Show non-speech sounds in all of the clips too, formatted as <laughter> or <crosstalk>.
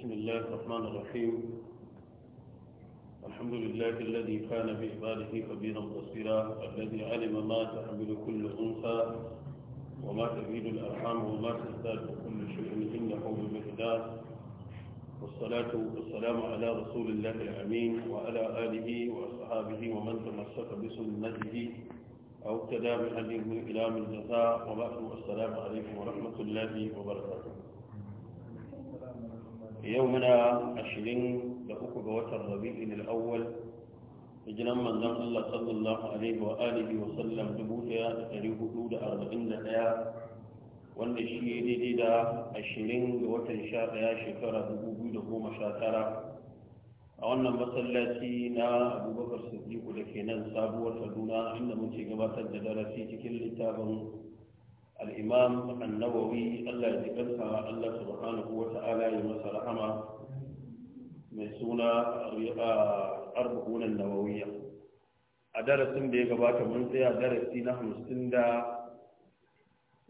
بسم الله الرحمن الرحيم الحمد لله الذي كان بعباده خبيرا بصيرا الذي علم ما تحمل كل انثى وما تزيد الارحام وما تزداد كل شيء انه بمقدار والصلاة والسلام على رسول الله الأمين وعلى آله وأصحابه ومن تمسك بسنته أو ابتدى بهديه إلى من جزاء وبعد السلام عليكم ورحمة الله وبركاته yau muna ashirin da uku ga watan rabi'in al'awwal hijiran manzon Allah sallallahu alaihi wa alihi wa sallam dubu daya da dari hudu da arba'in da daya wanda shi ya daidai da ashirin ga watan sha daya shekara dubu biyu da goma sha tara a wannan masallaci na abubakar siddiqu da ke nan sabuwar kaduna inda muke gabatar da darasi cikin littafin al'imam annawawi allah ya kansa allah subhanahu wa ta'ala ya masa rahama mai suna arbahunan nawawiya a darasin da ya gabata mun tsaya darasi na hamsin da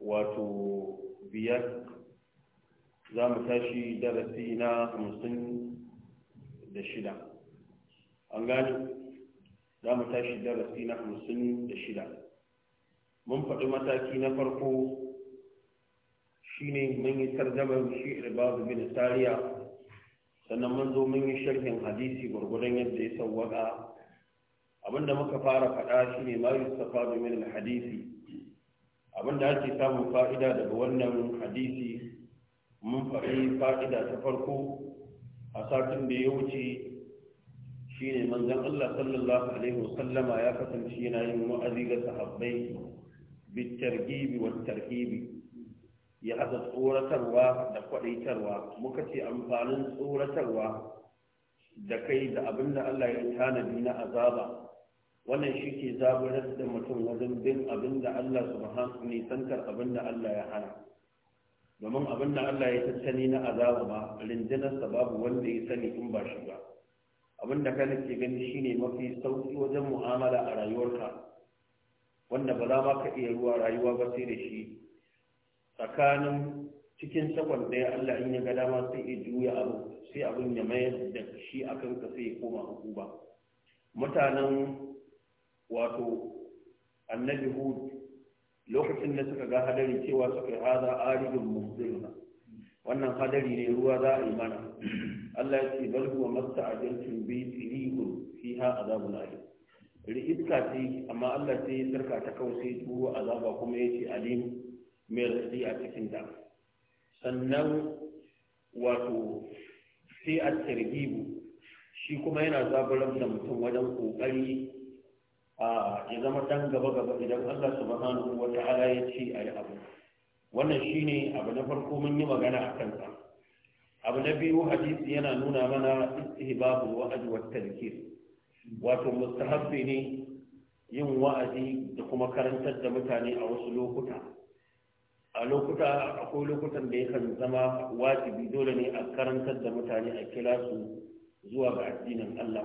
wato tashi darasi na hamsin za mu tashi darasi na hamsin da shida mun faɗi mataki na farko shine mun yi tarjamar shi irbabu bin tariya sannan mun zo mun yi sharhin hadisi gwargwadon yadda ya sawwaka abinda muka fara faɗa shine ma yustafa min hadisi abinda ake samun fa'ida daga wannan hadisi mun faɗi fa'ida ta farko a satin da ya wuce shine manzon Allah sallallahu alaihi wasallama ya kasance yana yin wa'azi ga sahabbai بالترغيب والترهيب ya haɗa tsoratarwa da kwaɗaitarwa muka ce amfanin tsoratarwa da kai da abin Allah ya na azaba wannan shi ke zaburar da mutum wajen bin abin da Allah subhanahu nisantar abin da Allah ya hana domin abin da Allah ya tattali na azaba ba rindinarsa babu wanda ya sani in ba shi ba abin da kana ke gani shine mafi sauki wajen mu'amala a rayuwarka wanda ba za ma ka iya ruwa rayuwa ba sai da shi tsakanin cikin sakon ɗaya Allah in ya ga dama sai ya juya abu sai abin ya mayar da shi a kanka sai ya koma hukuma mutanen wato annabi hud lokacin da suka ga hadari cewa suka haza aridun muhdiruna wannan hadari ne ruwa za a yi mana Allah ya ce bal huwa masta'ajaltum bi sirihun fiha azabun alim iska ce amma Allah sai ya sarka ta kawai sai turo azaba kuma ya ce alim mai rasi a cikin da sannan wato sai a tarbibu shi kuma yana zaburar da mutum wajen kokari a ya zama dan gaba gaba idan Allah subhanahu wa ta'ala ya ce a yi abu wannan shine abu na farko mun yi magana a kansa abu na biyu hadisi yana nuna mana babu wa'd wa tadhkir wato mustahabbi ne yin wa'azi da kuma karantar da mutane a wasu lokuta a lokuta akwai lokutan da yakan zama wajibi dole ne a karantar da mutane a kilasu zuwa ga addinin Allah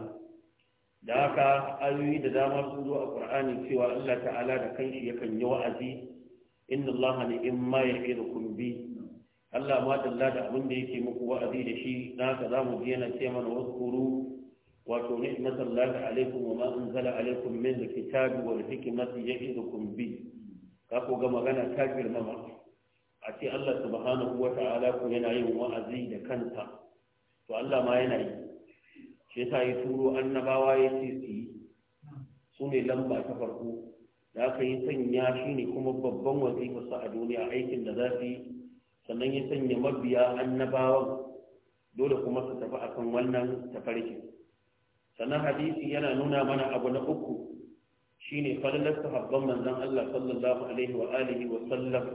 da haka ayoyi da dama sun zo a Qur'ani cewa Allah ta'ala da kanshi yakan yi wa'azi inna Allah ne in ma ya'idukum bi Allah ma dalla da abin da yake muku wa'azi da shi na haka zamu ji yana cewa mana wato ni'mat Allah alaikum wa ma anzala alaikum min alkitabi wal hikmati ya'idukum bi ka ko ga magana ta girmama a ce Allah subhanahu wa ta'ala ko yana yin wa'azi da kanta to Allah ma yana yi shi yasa ya turo annabawa ya ce su yi su ne lamba ta farko da aka yi sanya shi ne kuma babban wazifarsa a duniya aikin da za su yi sannan ya sanya mabiya annabawan dole kuma su tafi akan wannan tafarkin sannan hadisi yana nuna mana abu na uku shine falalar sahabban manzon Allah sallallahu alaihi wa alihi wa sallam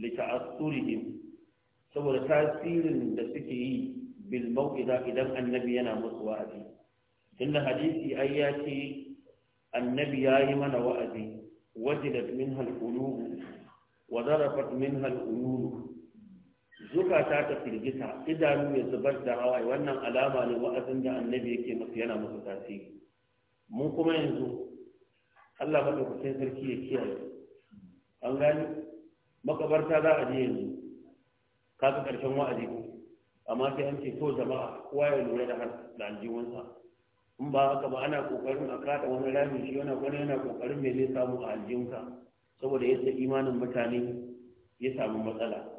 li ta'assurihim saboda tasirin da suke yi bil mau'iza idan annabi yana musu wa'azi tunda hadisi ai ya ce annabi ya yi mana wa'azi wajidat minha al-qulub wa zarafat minha al-uyun zukata ta firgita idanu ya zubar da hawaye wannan alama ne wa'azin da annabi yake masa yana masa tasiri mun kuma yanzu Allah madaukakin sarki ya kiyaye an gani makabarta za a je yanzu Ka ga karshen wa'azi amma sai an ce to jama'a kowa ya lura da da aljihunsa in ba haka ba ana kokarin a kada wani rami shi yana wani yana kokarin me zai samu a aljihunka saboda yadda imanin mutane ya samu matsala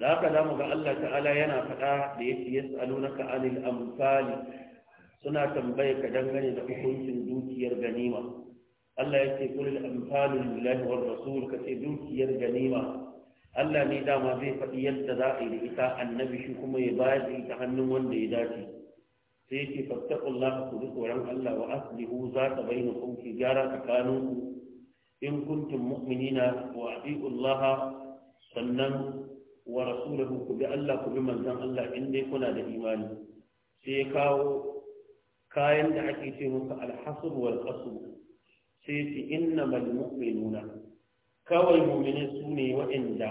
da haka damu ga Allah ta'ala yana faɗa da ya ce yas'alunaka anil suna tambaye ka dangane da hukuncin dukiyar ganima Allah ya ce kulil amsalu lillahi war rasul ka ce dukiyar ganima Allah ne dama zai faɗi yadda za a yi da ita annabi shi kuma ya bayar da ita hannun wanda ya dace sai yake fattakullah ku ji tsoron Allah wa aslihu za ta bayyana ku gyara tsakaninku in kuntum mu'minina wa atiqullaha sannan wa rasulahu ku bi Allah ku bi manzon Allah in dai kuna da imani sai ya kawo kayan da ake ce musu alhasr wal qasr sai ya ce innamal mu'minuna kawai mu'mini su ne wa'inda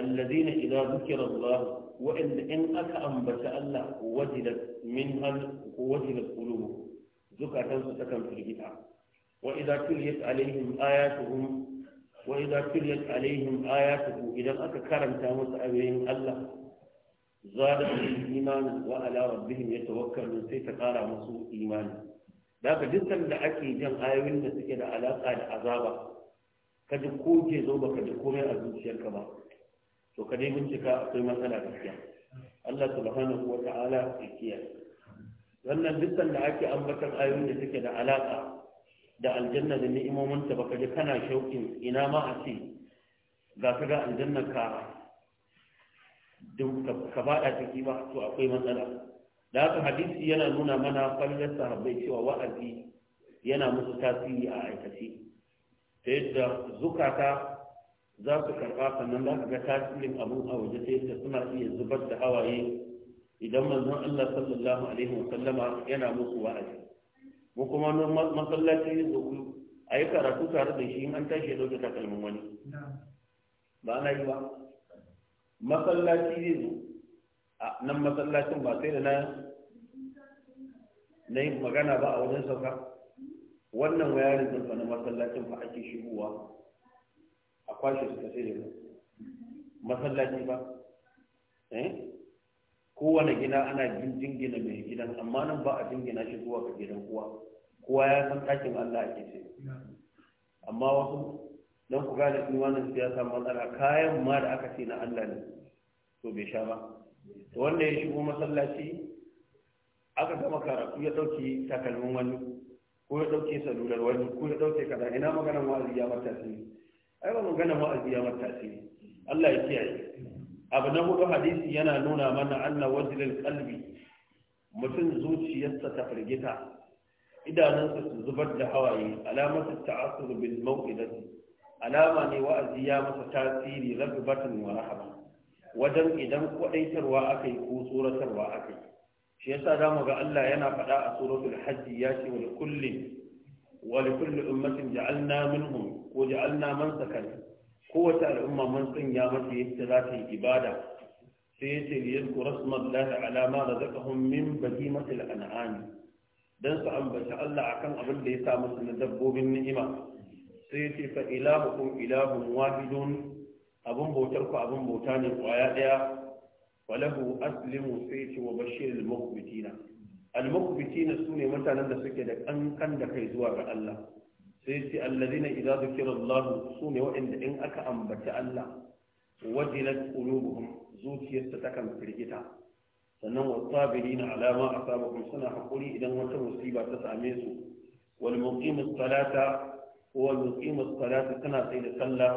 allazina idza zukira Allah wa'inda in aka ambata Allah wajidat min hal wajidat qulubuhum zukatan su takan firgita wa idza tuliyat alaihim ayatuhum وإذا تليت عليهم آياته إذا أكا كرمت مسأبين الله زادهم إيمانا وعلى ربهم يتوكلون سيتقارى مسوء إيمانا ذاك جسم لأكي جن آيوين نسكد علاقة العذابة kaji ko ke zo ka ji komai a zuciyarka ba to ka dai bincika akwai matsala gaskiya Allah subhanahu wa ta'ala ya kiyaye wannan dukkan da ake ambatan ayoyin da suke da alaka da aljanna da ni'imominta baka ji kana shauƙin ina ma a ce ga ka ga aljanna ka ka faɗa ciki ba to akwai matsala da haka hadisi yana nuna mana fallar sahabbai cewa wa'azi yana musu tasiri a aikace ta yadda zukata za su karɓa sannan za ka ga tasirin abun a waje ta yadda suna iya zubar da hawaye idan manzon Allah sallallahu alaihi wa sallama yana musu wa'azi mu kuma masallaci da ulu a yi karatu tare da shi in an tashi ya dauke takalmin wani ba na yi ba masallaci zai zo a nan masallacin ba sai da na na yi magana ba a wajen sauka wannan wayarin da na masallacin fa ake shigowa a kwashe su ka sai da masallaci ba eh kowane gina ana jingina mai gidan amma nan ba a jingina shi zuwa ga gidan kowa kowa ya san ɗakin Allah ake ce amma wasu don ku gane imanin siyasa matsala kayan ma da aka ce na Allah ne to bai sha ba to wanda ya shigo masallaci aka gama karatu ya ɗauki takalmin wani ko ya dauke salular wani ko ya dauke kaza ina maganar wa'azi ya mata ai ba maganar wa'azi ya mata Allah ya kiyaye abu na hudu hadisi yana nuna mana anna wajilil kalbi mutum zuciyarsa ta firgita idanunsa su zubar da hawaye alamatu ta'assur bil mawqidati alama ne wa'azi ya masa tasiri rabbatan wa rahaba wajen idan kwadaitarwa akai ko tsoratarwa akai shi yasa zamu ga Allah yana faɗa a suratul hajj ya ce wa kulli wa li kulli ummatin ja'alna minhum wa ja'alna man kowace al'umma mun sanya mata yadda za ta yi ibada sai yace li yadhkur rasmallahi ala ma razaqahum min bahimatil an'am dan su ambaci Allah akan abin da ya sa musu na dabbobin ni'ima sai yace fa ilahukum ilahun wahidun abin bautar ku abin bauta ne kwaya daya walahu aslimu sai yace wa bashiril muqbitina al-muqbitina sune mutanen da suke da kankan da kai zuwa ga Allah sai ce allazina idza dhukira Allah su ne waɗanda in aka ambaci Allah wajilat qulubuhum zuciyarsa takan firgita sannan wasabirina alama asabahum suna hakuri idan wata musiba ta same su wal muqimus salata wal muqimus salata tana sai da sallah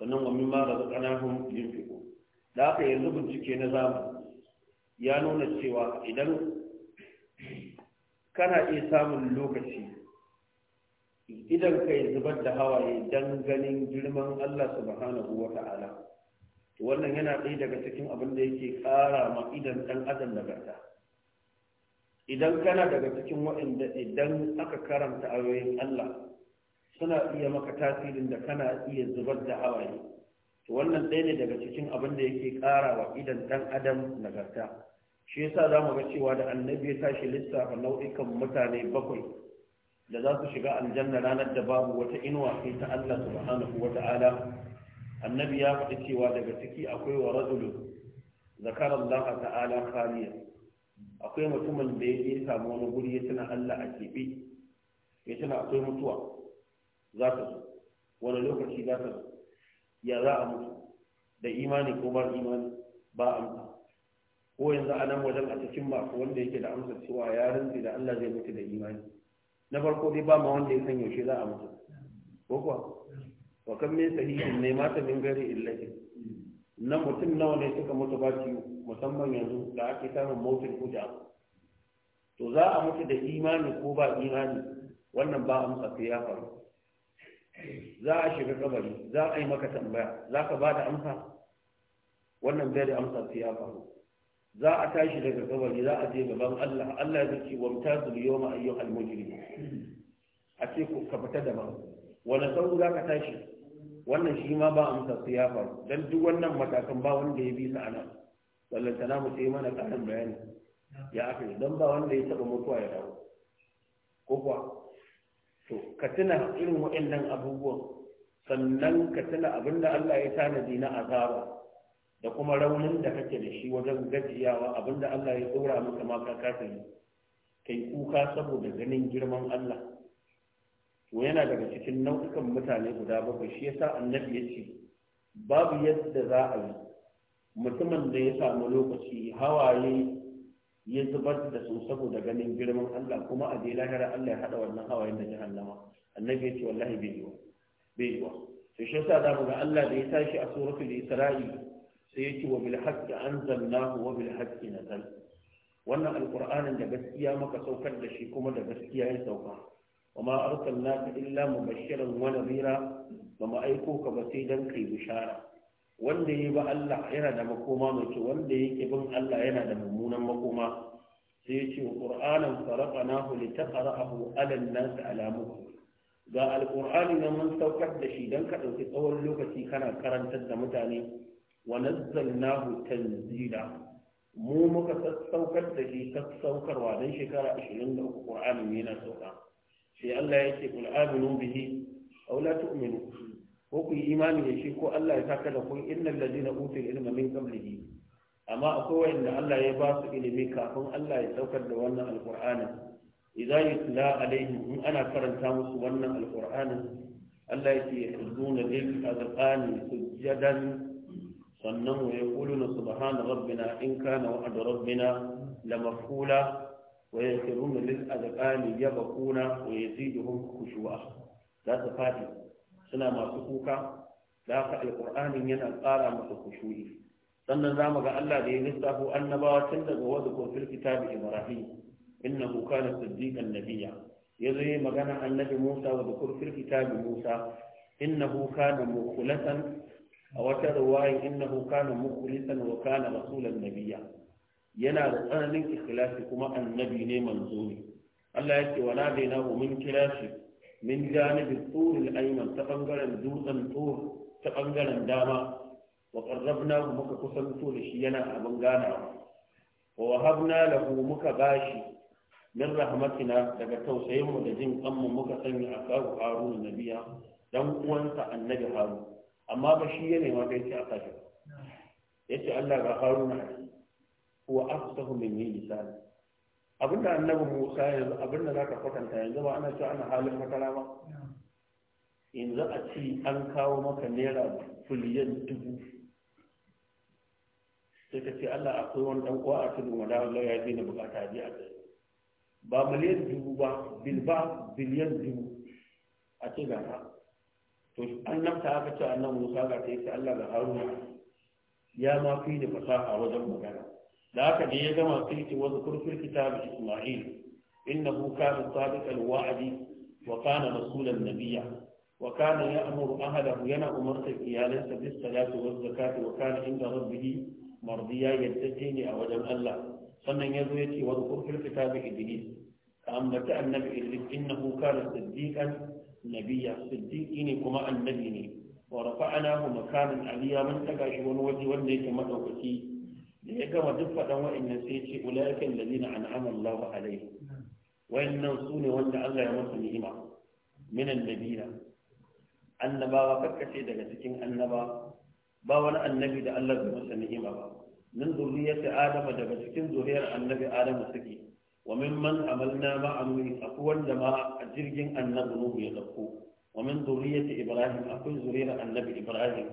sannan wa mimma razaqnahum da haka yanzu bincike na zamani ya nuna cewa idan kana iya samun lokaci idan ka zubar da hawaye don ganin girman Allah subhanahu wa ta'ala wannan yana ɗaya daga cikin abin da yake ƙara ma idan ɗan adam nagarta idan kana daga cikin waɗanda idan aka karanta ayoyin Allah suna iya maka tasirin da kana iya zubar da hawaye wannan ɗaya ne daga cikin abin da yake ƙara wa idan ɗan adam nagarta shi yasa za mu ga cewa da annabi ya tashi lissafa nau'ikan mutane bakwai da za su shiga aljanna ranar da babu wata inuwa sai ta Allah subhanahu wa ta'ala annabi ya faɗi cewa daga ciki akwai wa rajulu zakara Allah ta'ala khaliya akwai mutumin da ya samu wani guri ya tuna Allah a keɓe ya tuna akwai mutuwa za ta zo wani lokaci za ta zo ya za a mutu da imani ko ba imani ba amsa ko yanzu a nan wajen a cikin masu wanda yake da amsa cewa ya rinzi da Allah zai mutu da imani na farko dai ba ma wanda ya san yaushe za a mutu ko kuwa wa kan me sahihin ne mata min gari illahi na mutum nawa ne suka mutu ba ciwo musamman yanzu da ake samun mautin kuja to za a mutu da imani ko ba imani wannan ba amsa sai ya faru za a shiga kabari za a yi maka tambaya za ka ba da amsa wannan bai da amsa sai ya faru za a tashi daga kabari za a je gaban Allah Allah zai ce wamta zul yawma al mujrim a ce ku ka fita daban wani sauro za ka tashi wannan shi ma ba amsa su ya faru dan duk wannan matakan ba wanda ya bi sa anan ballantana mu sai mana karin bayani ya aka yi dan ba wanda ya taba mutuwa ya dawo ko kuwa to ka tuna irin waɗannan abubuwan sannan ka tuna abinda Allah ya tanadi na azaba da kuma raunin da kake da shi wajen gajiyawa abinda Allah ya dora maka ma ka kasa yi kai kuka saboda ganin girman Allah to yana daga cikin nau'ikan mutane guda bakwai shi yasa annabi ya ce babu yadda za a yi mutumin da ya samu lokaci hawaye ya zubar da su saboda ganin girman Allah kuma a je lahira Allah ya hada wannan hawayen da jahannama annabi ya ce wallahi bai yi ba. bai yi wa to shi yasa da Allah da ya tashi a suratul Isra'i sai ce, wa bil haqqi anzalnahu wa bil haqqi wannan alkur'anin da gaskiya maka saukar da shi kuma da gaskiya ya sauka wa ma arsalnaka illa mubashiran wa nadhira ba mu aiko ka ba sai dan kai bishara wanda ya ba Allah yana da makoma mai kyau wanda yake bin Allah yana da mummunan makoma sai ya ce qur'anan faraqnahu litaqra'ahu 'ala an-nas 'ala ga Alƙur'ani na mun saukar da shi dan ka dauki tsawon lokaci kana karantar da mutane wa nazzalnahu tanzila mu muka sassaukar da shi sassaukarwa don shekara 23 ne na sauka sai Allah ya ce kul aminu bihi aw la tu'minu ko ku yi imani da shi ko Allah ya saka da kun innal ladina utul ilma min qablihi amma akwai wanda Allah ya ba su ilimi kafin Allah ya saukar da wannan alqur'ani idza yutla alaihim in ana karanta musu wannan alqur'ani Allah ya ce yahduna lil azqani sujadan sannan wa na subhana rabbina in kana wa'du rabbina la maf'ula wa yakiruna lil azqani yabquna wa yaziduhum khushu'a za ta fadi suna masu kuka da haka alqur'anin yana ƙara masa khushu'i sannan za mu ga Allah da ya lissafo annabawa tun daga wadda ko fil kitabi ibrahim innahu kana siddiqan nabiyya yazo yi magana annabi Musa wa dukur fil kitabi Musa innahu kana mukhlasan a wata ruwayin innahu kana mukhlisan wa kana rasulan nabiyya yana da tsananin ikhlasi kuma annabi ne manzo ne Allah ya ce wala dai na mun kira min janibi turil ayman ta bangaren dutsen tur ta bangaren dama wa qarrabna muka kusanto da shi yana abin ganawa wa wahabna lahu muka bashi min rahmatina daga tausayin mu da jin kanmu muka sanya a kawo harun nabiya dan uwansa annabi harun amma ba shi ya nema bai ce a kashe ya ce Allah ga haruna wa aftahu min yi lisan abinda annabi Musa yanzu abinda zaka kwatanta yanzu ba ana cewa ana halin makara ba yanzu a ce an kawo maka naira filiyan dubu sai ka ce Allah akwai wani dan uwa a cikin wada Allah ya je bukata ji a kai ba miliyan dubu ba bilba biliyan dubu a ce ga to annabta aka ce annabi Musa ga ta yace Allah ga Haruna ya ma fi da fasaha wajen magana da haka je ya gama sai ce wasu kurfin kitab Isma'il innahu kana sadiqal wa'di wa kana rasulan nabiyya wa kana ya'muru ahlahu yana umarta iyalansa bis salati waz zakati wa kana inda rabbih mardiya yattaje ne a wajen Allah sannan yazo yace wasu kurfin kitab Idris ka ambata annabi Idris innahu kana siddiqan Nabiya, siddiqi ne kuma annabi ne wa rafa'ana hu makanan aliya mun daga shi wani waje wanda yake madaukaki da ya gama duk faɗan wa'annan sai ya ce ulaika alladhina an'ama Allahu alaihi wa'annan su ne wanda Allah ya masa ni'ima minan nabiyina annabawa kakkace daga cikin annaba ba wani annabi da Allah ya masa ni'ima ba min zurriyyati adama daga cikin zuriyar annabi adama suke wa mimman amalna ma amuri akwai wanda ma a jirgin annabi nuhu ya dauko wa min zuriyati ibrahim akwai zuriyar annabi ibrahim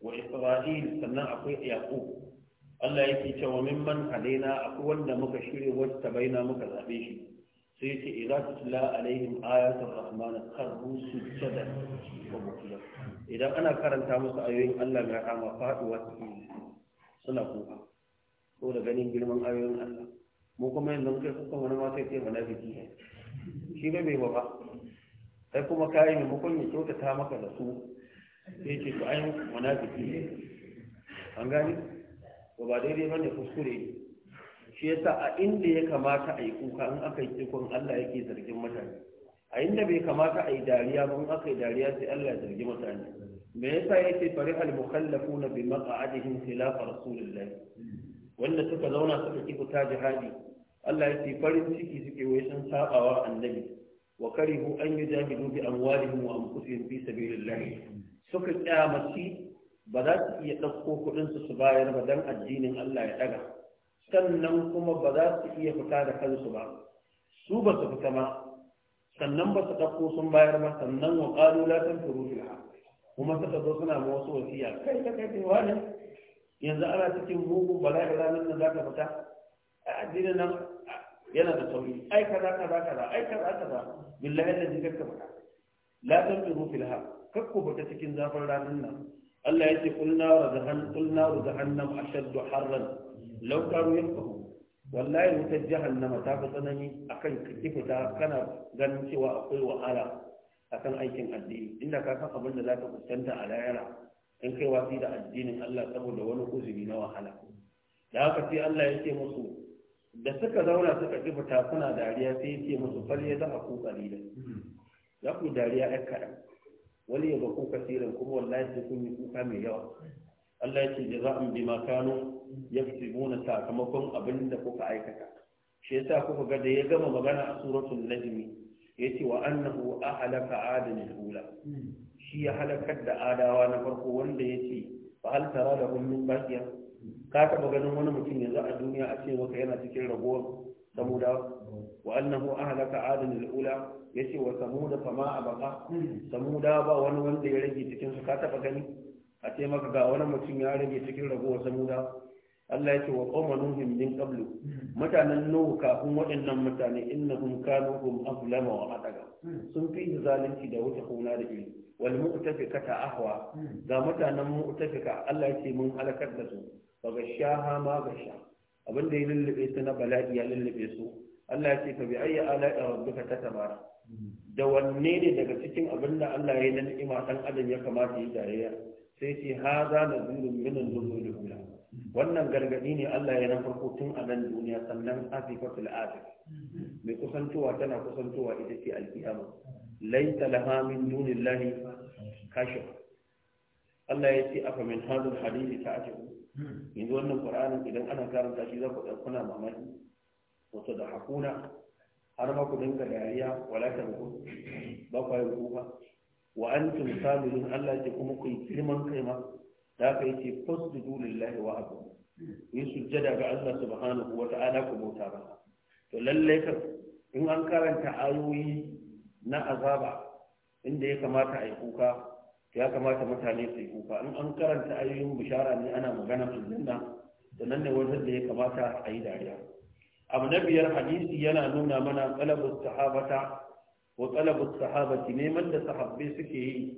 wa isra'il sannan akwai yaqub Allah yake cewa mimman alaina akwai wanda muka shirye wata baina muka zabe shi sai yake idza tutla alaihim ayatul rahman qarru sujadan wa bukiya idan ana karanta musu ayoyin Allah mai rahama suna kuka ganin girman ayoyin Allah mu kuma yanzu kai kuka wani ma sai ce munafiki ne shi ne bai ba sai kuma kayi ne mukun ya kyautata maka da su sai ce to ai munafiki ne an gani ba ba daidai bane kuskure shi yasa a inda ya kamata a yi kuka in aka yi kikon Allah yake zargin mutane a inda bai kamata a yi dariya ba in aka yi dariya sai Allah ya zargi mutane me yasa yake farihal mukhallafuna bi maq'adihim khilaf rasulillah wanda suka zauna suka ki fita jihadi Allah ya ce farin ciki suke wai sun sabawa annabi wa karihu an yujahidu bi amwalihim wa anfusihim fi sabilillah suka kyamaci ba za su iya ɗauko kuɗinsu su bayar ba don addinin Allah ya ɗaga sannan kuma ba za su iya fita da kansu ba su ba su fita ma sannan ba su ɗauko sun bayar ba sannan wa ƙalu la tanfiru fil kuma suka zo suna ma wasu wasiya kai ka kai wani yanzu ana cikin mugun bala'i ranar da za ka fita a addinin nan yana da sauri ai kaza kaza kaza ai kaza kaza billahi da zikar ka fita la tanfiru fil har kakku fita cikin zafin ranar nan Allah ya ce kulna razahan kulna razahannam ashaddu harran law kanu yafqahu wallahi wutar jahannama ta fi tsanani akan fita kana ganin cewa akwai wahala akan aikin addini inda ka san abin da za ka fuskanta a layara in kai wasi da addinin Allah saboda wani uzuri na wahala da haka sai Allah ya ce musu da suka zauna suka ji fita suna dariya sai ya ce musu fal ya zaha ku qalila za ku dariya ɗan kaɗan wani ya ga ku kasirin kuma wallahi sai kun yi kuka mai yawa Allah ya ce bi makano kanu yaktubuna sakamakon abin da kuka aikata shi kuka ga da ya gama magana a suratul najmi yace wa annahu ahlaka adan al shi ya halakar da adawa na farko wanda ya ce ba hal tara da min bakiya ka taba ganin wani mutum yanzu a duniya a ce maka yana cikin ragowar samuda wa annahu ahlaka adan al-ula yace wa samuda fama abaka samuda ba wani wanda ya rage cikin su ka taba gani a ce maka ga wani mutum ya rage cikin ragowar samuda Allah ya ce wa qawma nuhum min qablu mutanen nuhu kafin waɗannan mutane innahum kanu hum aflama wa ataga sun fi zalunci da wuce kuna da ilimi wal mu'tafika ta ahwa ga mutanen mu'tafika Allah ya ce mun halakar da su ba ga sha ma ga sha abin da ya lullube su na bala'i ya lullube su Allah ya ce ka bi ayyi ala'i ta tabara da wanne ne daga cikin abinda Allah ya yi na ni'ima dan adam ya kamata ya dariya sai ce haza nazirun min an da ula wannan gargadi ne Allah ya na farko tun a nan duniya sannan afifatul afif mai kusantowa tana kusantowa ita ce alkiyama laita laha min dunillahi kashif Allah ya ce afa min hadul hadisi ta ajabu yanzu wannan qur'anin idan ana karanta shi za ku ɗauki kuna mamaki wato da hakuna har ma ku dinga dariya wala ta ku ba ku yi kuka wa antum sabilun Allah ce kuma ku yi girman kai ma da aka yi ce fasjudu lillahi wa abu yi sujjada ga Allah subhanahu wa ta'ala ku bauta ba to lallai kan in an karanta ayoyi na azaba inda ya kamata a yi kuka ya kamata mutane su yi kuka in an karanta ayoyin bishara ne ana magana aljanna da nan ne wajen da ya kamata a yi dariya abu na biyar hadisi yana nuna mana qalabus sahabata wa qalabus sahabati neman da sahabbai suke yi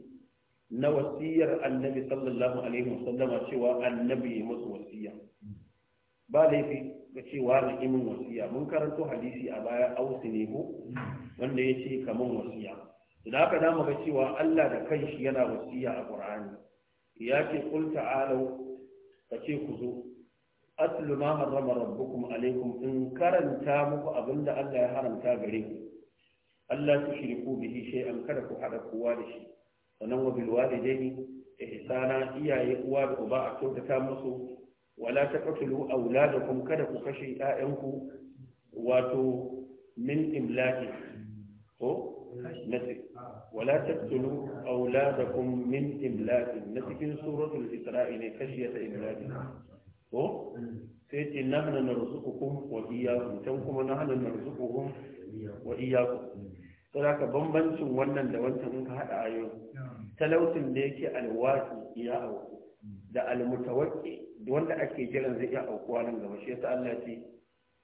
na wasiyar annabi sallallahu alaihi wasallama cewa annabi ya musu wasiya ba laifi ga cewa na imin wasiya mun karanto hadisi a baya ausu ne ko wanda ya ce kaman wasiya da aka dama ga cewa Allah da shi yana wasiya a Qur'ani ya ce kul ta'alu ka ce ku zo atlu ma harrama rabbukum alaikum in karanta muku abinda Allah ya haramta gare ku Allah ku shiriku bihi shay'an kada ku haɗa kowa da shi sanan wa bil walidaini ihsana iyaye uwa da uba a kyautata musu wala ta taqtulu auladakum kada ku kashe ƴaƴanku wato min imlaqi ko nasi wala ta taqtulu auladakum min imlaqi na cikin suratul isra'i ne kashiyata imlaqi ko sai ce nahnu narzuqukum wa iyaku, tan kuma na hana nahnu narzuqukum wa iyyakum saboda bambancin wannan da wancan in ka haɗa ayoyi Talautin da yake alwaki ya auku da almutawakki wanda ake jiran zai iya aukuwa nan gaba shi yasa Allah ce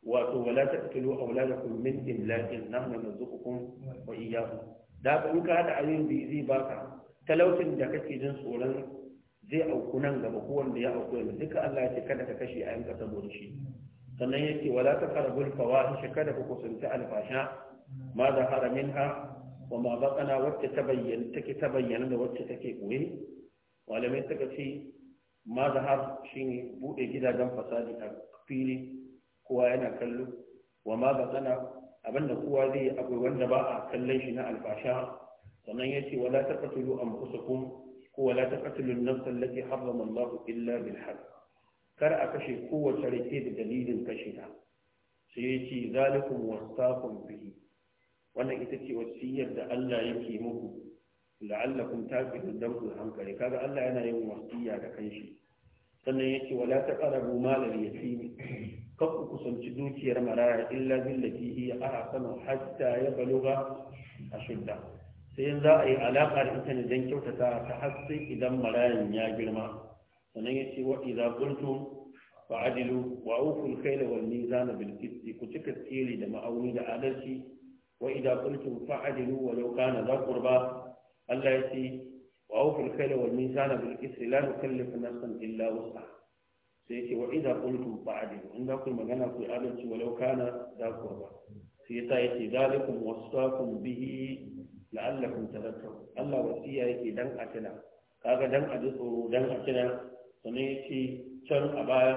wato wala taqtulu awladakum min imlaqin nahnu narzuqukum wa iyyakum da ka in ka hada ayoyin da zai baka talaucin da kake jin tsoron zai auku nan gaba ko wanda ya auku yanzu duka Allah ya ce kada ka kashe ayanka saboda shi sannan yake wala taqrabul fawahisha kada ku kusanci alfasha ma haramin minha wa ma baqana wacce ta bayyana take ta da wacce take koye malamai suka ce ma shi ne bude gidajen fasadi a fili kowa yana kallo wa ma tsana abinda kowa zai yi akwai wanda ba a kallon shi na alfasha sannan ya ce wala taqtulu anfusakum ko wala taqtulu an-nafs allati harrama Allah illa bil har kar a kashe kowace rake da dalilin kashe ta sai ya ce zalikum wasaqum bihi wannan ita ce wasiyar da Allah yake muku la'allakum taqilun dan ku hankali kaga Allah yana yin wasiya da kanshi sannan yace wala taqrabu mal al-yatim kar ku kusanci dukiyar maraya illa billati hiya ahsanu hatta yablugha ashudda sai in za a yi alaƙa da ita ne don kyautata ta har idan marayan ya girma sannan ya ce wa idza qultum فعدلوا وأوفوا الخيل والميزان بالقسط da السير لما أولي لآلتي وإذا قلتم فعدلوا ولو كان ذا قربى Allah ya ce wa awful kayla wal mizana bil qisti la nukallifu nafsan illa wus'aha sai ya ce wa idza qultum fa'dilu in za ku magana ku adalci walau kana za ku ba sai ya sa ya ce zalikum wasaqum bihi la'allakum tadhakkarun Allah wasiya yake dan a kaga dan a ji tsoro dan a sannan yake can a baya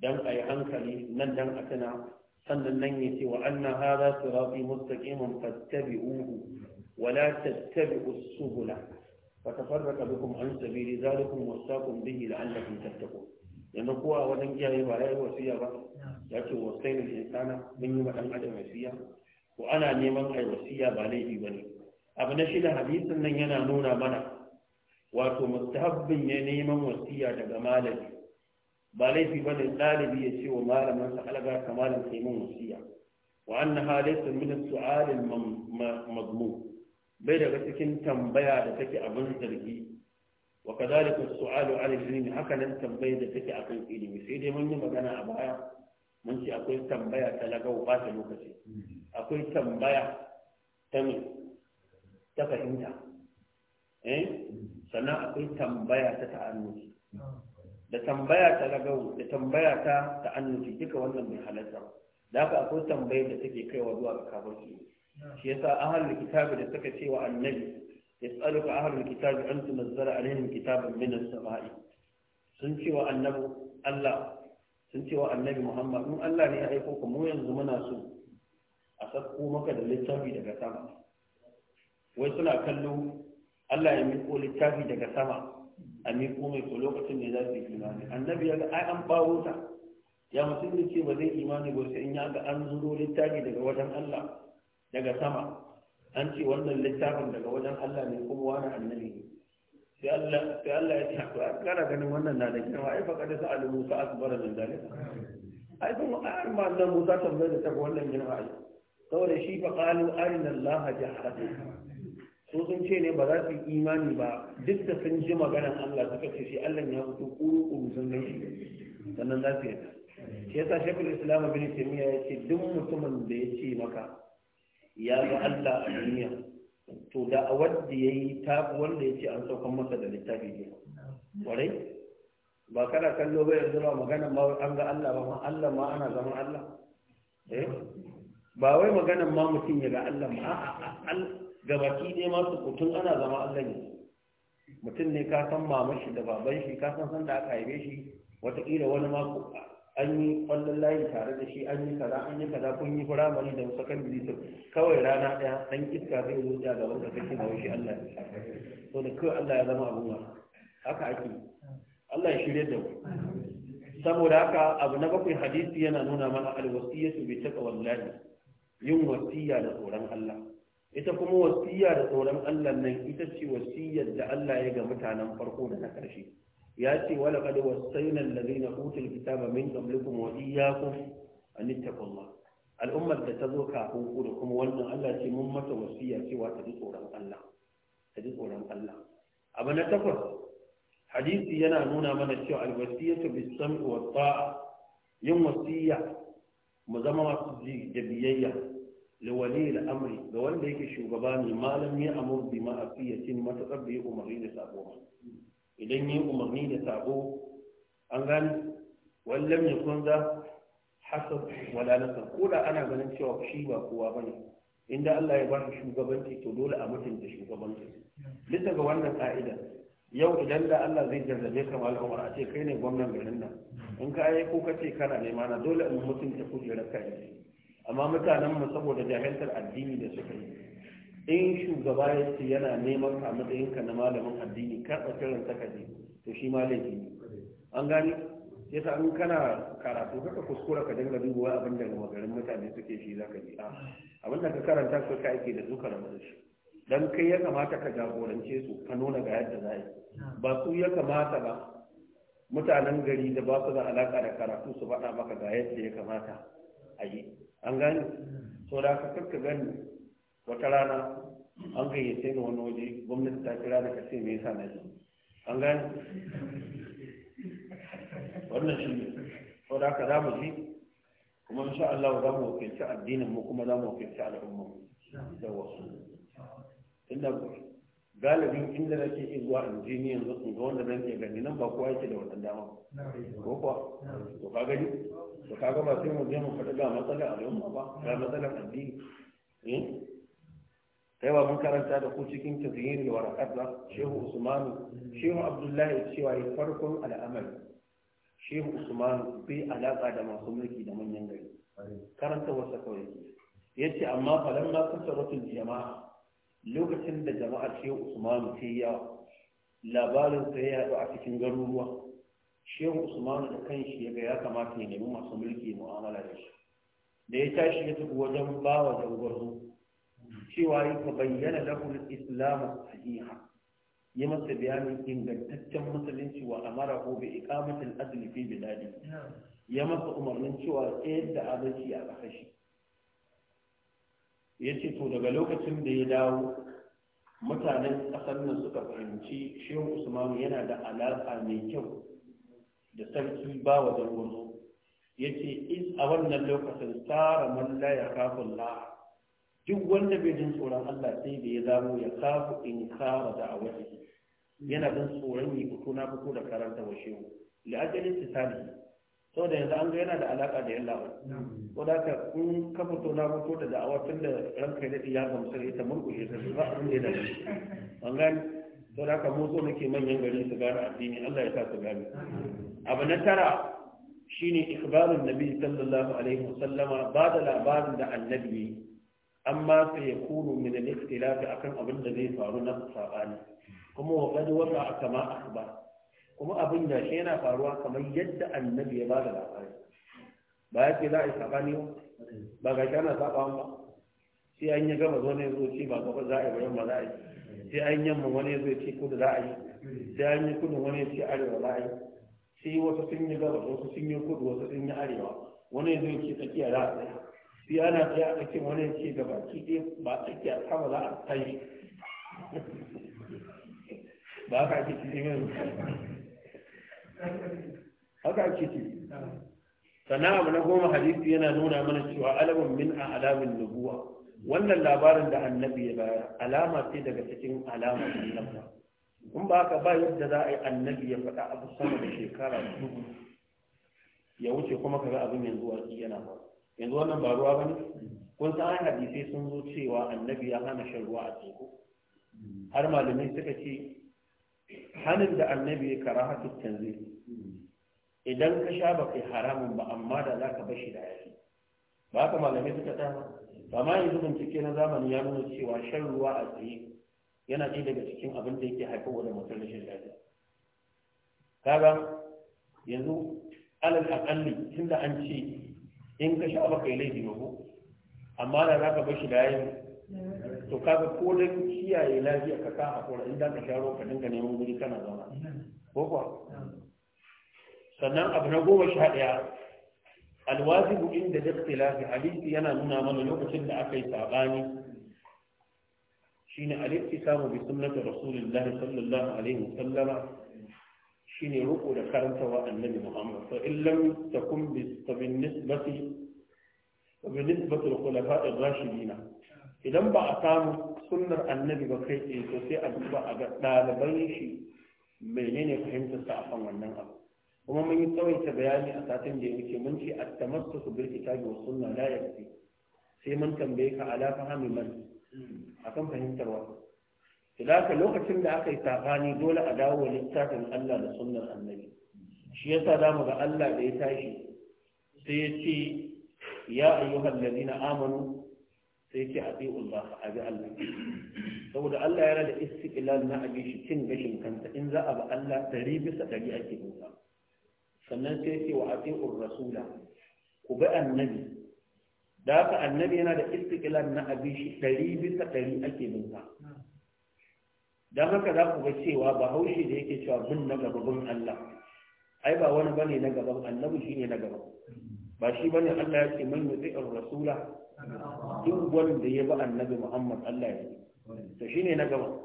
dan a yi hankali nan dan a sannan nan ya ce wa anna hadha sirati mustaqimun fattabi'uhu ولا تتبعوا السبل فتفرق بكم عن سبيل ذلكم وصاكم به لعلكم تتقون yanzu kowa wajen kiyaye ba ya yi wasiya ba ya ce wasai ne insana mun yi maɗan adam wasiya ko ana neman ai wasiya ba laifi ba ne abu na shida hadisin nan yana nuna mana wato mustahabbin ya neman wasiya daga malami ba laifi ba ne ɗalibi ya ce wa malamansa alaga ka malam sai mun wasiya wa annaha laysa min as-su'al madmum bai daga cikin tambaya da take abin zargi wa kadhalika su'alu 'ala ilmi haka nan tambayar da take akan ilimi sai dai mun yi magana a baya mun ce akwai tambaya ta lagau ba ta lokaci akwai tambaya ta me ta fahimta eh sannan akwai tambaya ta ta'annuci da tambaya ta lagau da tambaya ta ta'annuci duka wannan mai halatta da haka akwai tambayar da take kaiwa zuwa ga kafirci shi yasa ahlul kitabi da suka ce wa annabi yas'aluka ahlul kitabi an tunzala alaihim kitabun min as-sama'i sun ce wa annabi Allah sun ce wa annabi Muhammad in Allah ne ya aiko ku mu yanzu muna so a sako maka da littafi daga sama wai suna kallo Allah ya miƙo littafi daga sama a miƙo mai ko lokacin da za su yi imani annabi ya ga ai an bawo ta ya mutum ne ce ba zai imani ba sai in ya ga an zuro littafi daga wajen Allah daga sama an ce wannan littafin daga wajen Allah ne kuma wani annabi ne sai Allah ya ce a kana ganin wannan na da kyau. ai faƙa da sa'adu Musa asbara min dalil ai kuma ayar ma nan Musa tambaye da ta wannan girma ai saboda shi fa qalu arina Allah jahratu su sun ce ne ba za su yi imani ba duk da sun ji maganar Allah suka ce shi Allah ya fito kuru kuru sun gan shi sannan za su yi yarda shi yasa shekul islam bin taymiya ya ce duk mutumin da ya ce maka ya yi Allah a duniya to da a wadda ya yi ta wanda ya ce an saukan masa da littafi ne kwarai ba kana kallo ba yanzu ba magana ma an ga Allah ba Ma Allah ma ana zama Allah eh ba wai magana ma mutum ya ga Allah ma gabaki ne ma su kutun ana zama Allah ne mutum ne ka san mamashi da baban shi ka san san da aka haife shi wataƙila wani ma an yi kwallon layi tare da shi an yi kaza an yi kaza kun yi firamare da kan bilisir kawai rana ɗaya ɗan iska zai wuce a gaban ka kake da shi Allah ya to da kawai Allah ya zama abuwa haka ake Allah ya shirya da mu saboda haka abu na bakwai hadisi yana nuna mana alwasiyatu bi taqwallahi yin wasiya da tsoron Allah ita kuma wasiya da tsoron Allah nan ita ce wasiyar da Allah ya ga mutanen farko da na ƙarshe ya ce wala qad na alladhina utul kitaba min qablikum wa iyyakum an ittaqullah al'ummar da ta zo kafin ku da kuma wannan Allah ce mun mata wasiya cewa ta ji tsoron Allah ta ji tsoron Allah abu na takwas hadisi yana nuna mana cewa alwasiyatu bis-sam'i wat yin wasiya mu zama masu ji da biyayya da da amri ga wanda yake shugaba ne malam ya amur bi ma'afiyatin matakar da ya umarni da sabuwa idan yi umarni da sabo an gani wallan ya kunza hasab wala ko da ana ganin cewa shi ba kowa ba ne inda Allah ya ba shugabanci to dole a mutunta shugabanci bisa ga wannan ka'ida yau idan da Allah zai jarrabe ka mal umar a ce kai ne gwamnan garin nan in ka yi ko ka ce kana nema na dole in mutunta kujerar kai amma mutanen mu saboda jahiltar addini da suka yi in shugaba ya ce yana neman ka matsayinka na malamin addini ka tsakarin takaji to shi ma laifi an gani yasa in kana karatu kaka kuskura ka dinga duba wai abin da magarin mutane suke shi zaka ji a ah, abin da ka karanta ka ka ke da zuka da shi dan kai ya kamata ka jagorance su ka nuna ga yadda za yi ba su ya kamata ba mutanen gari da ba su da alaka da karatu su faɗa maka ga yadda ya kamata a yi an gani so da ka kakka gani wata rana an gayyace ni wani waje gwamnati ta kira da kace me yasa na ji an gane wannan shi ne Ko da ka zamu ji kuma insha Allah za mu wakilci addinin mu kuma za mu wakilci al'umma da wasu inda galibin inda nake iya zuwa ni yanzu in ga wanda zan iya gani nan ba kowa yake da wannan dama ko kuwa to ka gani to ka ga ba sai mu je mu faɗi ga matsalar al'umma ba ga matsalar addini eh? kai wa mun karanta da ku cikin tazyinul waraqat shehu usman shehu abdullahi cewa ya farkon al'amal shehu usman bai alaka da masu mulki da manyan gari karanta wasa kawai yace amma falamma kasaratul jama'a lokacin da jama'a shehu usman ta yi labarin sai ya yaɗu a cikin garuruwa shehu usman da kanshi ya ga ya kamata ya nemi masu mulki mu'amala da shi da ya tashi ya tafi wajen bawa da gwarzo cewa yi ka bayyana lahul islamu sahiha yi masa bayanin ingantaccen musulunci wa amara ko bi iqamatil adli fi biladi ya masa umarnin cewa tsayar da adalci a kashi ya ce to daga lokacin da ya dawo mutanen ƙasar nan suka fahimci shehu usmanu yana da alaƙa mai kyau da sarki ba wa ya ce a wannan lokacin tsara man la ya kafin laha. duk wanda bai jin tsoron Allah sai da ya zamo ya kafu in kara da awati yana jin tsoron yi fito na fito da karanta wa shehu la'ajalin tisali da yanzu an ga yana da alaka da yalla ko da ka kun ka fito na fito da da'awa tun da ranka ya dadi ya gamsu da ita murƙushe ta ba abin da ya an gani to da ka motso nake manyan gari su gane addini Allah ya sa su gane abu na tara shine ikbarun nabi sallallahu alaihi wasallama ba da labarin da annabi amma sai ya kunu min al ikhtilaf akan abin da zai faru na sabani kuma wa qad wasa kama akhbar kuma abin da shi yana faruwa kamar yadda annabi ya bada labari ba yake za a yi sabani ba ga kana saba ba sai an yi gaba zo ne zo ci ba gaba za a yi bayan ba za a yi sai an yamma wani zo ci kudu za a yi sai an yi kudu wani ci arewa za a yi sai wasu sun yi gaba wasu sun yi kudu wasu sun yi arewa wani zo ci tsakiya za a tsaya sai ya ake a cikin wani ce ga baki ɗin ba ke a sama za a tsaye ba haka ake ciki mai haka ake ciki sannan abu na goma hadisi yana nuna mana cewa alamun min a alamin nubuwa wannan labarin da annabi ya bayar alama ce daga cikin alama nubuwa in ba haka ba yadda za a yi annabi ya faɗa abu sama da shekara dubu ya wuce kuma kaga abin yanzu a yana ba yanzu wannan ba ruwa ba bane kun san hadisi sun zo cewa annabi ya hana shan ruwa a teku har malamai suka ce hanin da annabi ya kara hakin canzi idan ka sha ba kai haramun ba amma da za ka bashi da yaki ba ka malamai suka dama ma yanzu bincike na zamani ya nuna cewa shan ruwa a tsaye yana ɗaya daga cikin abin da yake haifar da mutum rashin lafiya kaga yanzu alal akalli tunda an ce in ka sha baka yi laifi ba ko amma da za ka bashi da yayin to ga ko da kiyaye lafiya ka ka hakura in ka sharo ruwa ka dinga neman guri kana zama ko kuwa sannan abu na goma sha ɗaya alwajibu inda da ikhtilafi hadisi yana nuna mana lokacin da aka yi sabani shine al-ittisamu bi sunnati rasulillah sallallahu alaihi wasallama shine ruku da karantawa annabi Muhammad fa illam takum bi nisbati bi nisbati al-khulafa ar-rashidina idan ba a samu sunnar annabi ba kai tsaye to sai a a ga ɗaliban shi menene fahimtar wannan abu kuma mun yi tsawaita bayani a satin da ya wuce mun ce at-tamassuku bil kitabi was sunna la yakfi sai mun tambaye ka ala fahmi man akan fahimtarwa Idan lokacin da aka yi sabani dole a dawo littafin Allah da sunnar annabi. Shi yasa za mu ga Allah da ya tashi sai ya ce ya ayyuhal ladina amanu sai ce a Allah a bi Allah. Saboda Allah yana da istiqlal na abi shi cin gashin kanta in za a ba Allah ɗari bisa ɗari ake nuna. Sannan sai ce wa ati'ur rasula ku bi annabi da haka annabi yana da istiqlal na abi shi ɗari bisa ɗari ake nuna. don haka za ku ga cewa bahaushe da yake cewa mun na gaban Allah ai ba wani bane na gaban annabi ne na gaba. ba shi bane Allah ya ce man yuti'ir rasula duk wanda ya bi annabi Muhammad Allah ya to ne na gaba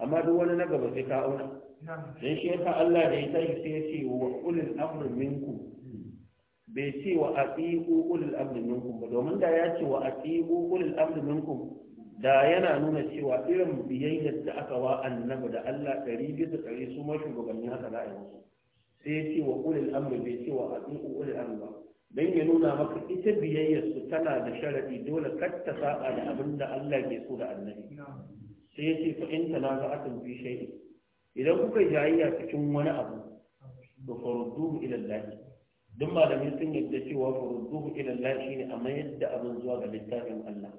amma duk wani na gaba sai ka auna dan shi yasa Allah da ya tashi sai ya ce wa ulul amri minkum bai ce wa atiqu ulul amri minkum ba domin da ya ce wa atiqu ulul amri minkum da yana nuna cewa irin biyayyar da aka wa annabi da Allah ɗari bisa ɗari su ma shugabanni haka za a yi musu sai ya ce wa amri bai ce wa abin ulil amri ba ya nuna maka ita biyayyar su tana da sharadi dole kar ta saba da abin da Allah ke so da annabi sai ya ce fa in tanaza'atum fi shay'in idan kuka jayayya cikin wani abu ba farudduhu ila Allah duk malamai sun yadda cewa farudduhu ila Allah shine amma yadda abin zuwa ga littafin Allah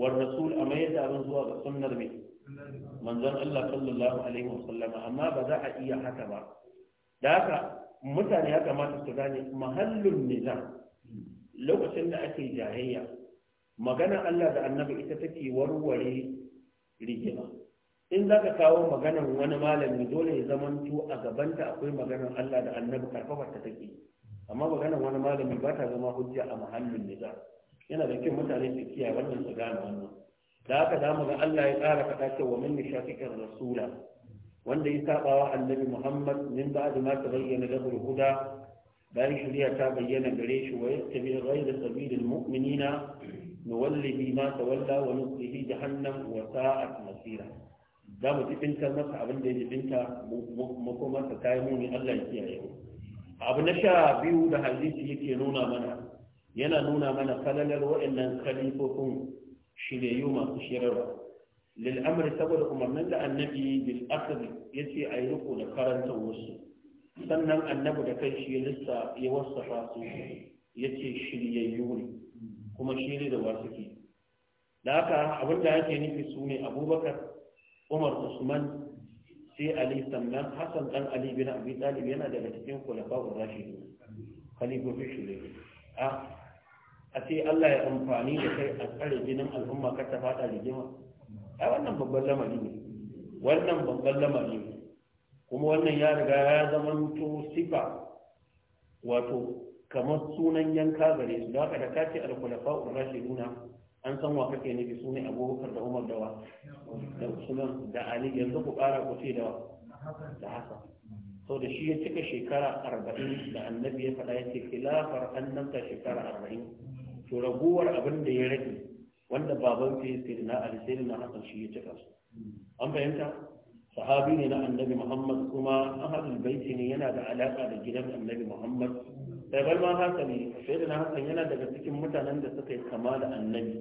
war rasul amma yadda abin zuwa ga sunnar mai manzon Allah sallallahu alaihi wasallama amma ba za a iya haka ba da haka mutane ya kamata su gane mahallun nizam lokacin da ake jahayya magana Allah da annabi ita take warware rigima in za ka kawo maganan wani malami dole ya zamanto a gabanta akwai maganan Allah da annabi karfafa take amma maganan wani malami ba ta zama hujja a mahallin nizam yana da kyau mutane su kiyaye wannan su gane wannan da haka da mu ga Allah ya tsara faɗa wa min nishaqiqir rasula wanda ya saba wa annabi Muhammad min ba'd ma tabayyana lahu huda bayan shari'a ta bayyana gare shi wa yattabi ghayra sabilil mu'minina nuwallihi ma tawalla wa nuslihi jahannam wa sa'at masira za mu jibintar masa abin da ya jibinta mu kuma ta kai ne, Allah ya kiyaye mu abu na sha biyu da hadisi yake nuna mana yana nuna mana falalar waɗannan kalifofin shiryayu masu shirarwa lil'amari saboda umarnin da annabi bil ce a yi riko da karanta wasu sannan annabi da kai shi lissa ya wasafa su ce shiryayyu ne kuma shiri da wasu ke da haka abin da yake nufi su ne abubakar umar usman sai ali sannan hassan dan ali bin abi talib yana daga cikin kulafa urashi ne kalifofin shirye a ce Allah ya amfani da kai a tsare jinin al'umma ka ta fada rigima ai wannan babban lamari ne wannan babban lamari ne kuma wannan ya riga ya zama to sifa wato kamar sunan yanka gare su da haka da kace al-khulafa ar-rashiduna an san wa kake nufi sunan Abubakar da Umar da wa da sunan da Ali yanzu ku fara ku ce da da Hassan sau da shi ya cika shekara arba'in da annabi ya faɗa ya ce khilafar ta shekara arba'in to raguwar abin da ya rage wanda baban sai sai na ali sai na hasan shi ya cika su an fahimta sahabi ne na annabi muhammad kuma ahadul baiti ne yana da alaka da gidan annabi muhammad sai bar ma ne sai na hasan yana daga cikin mutanen da suka yi kama da annabi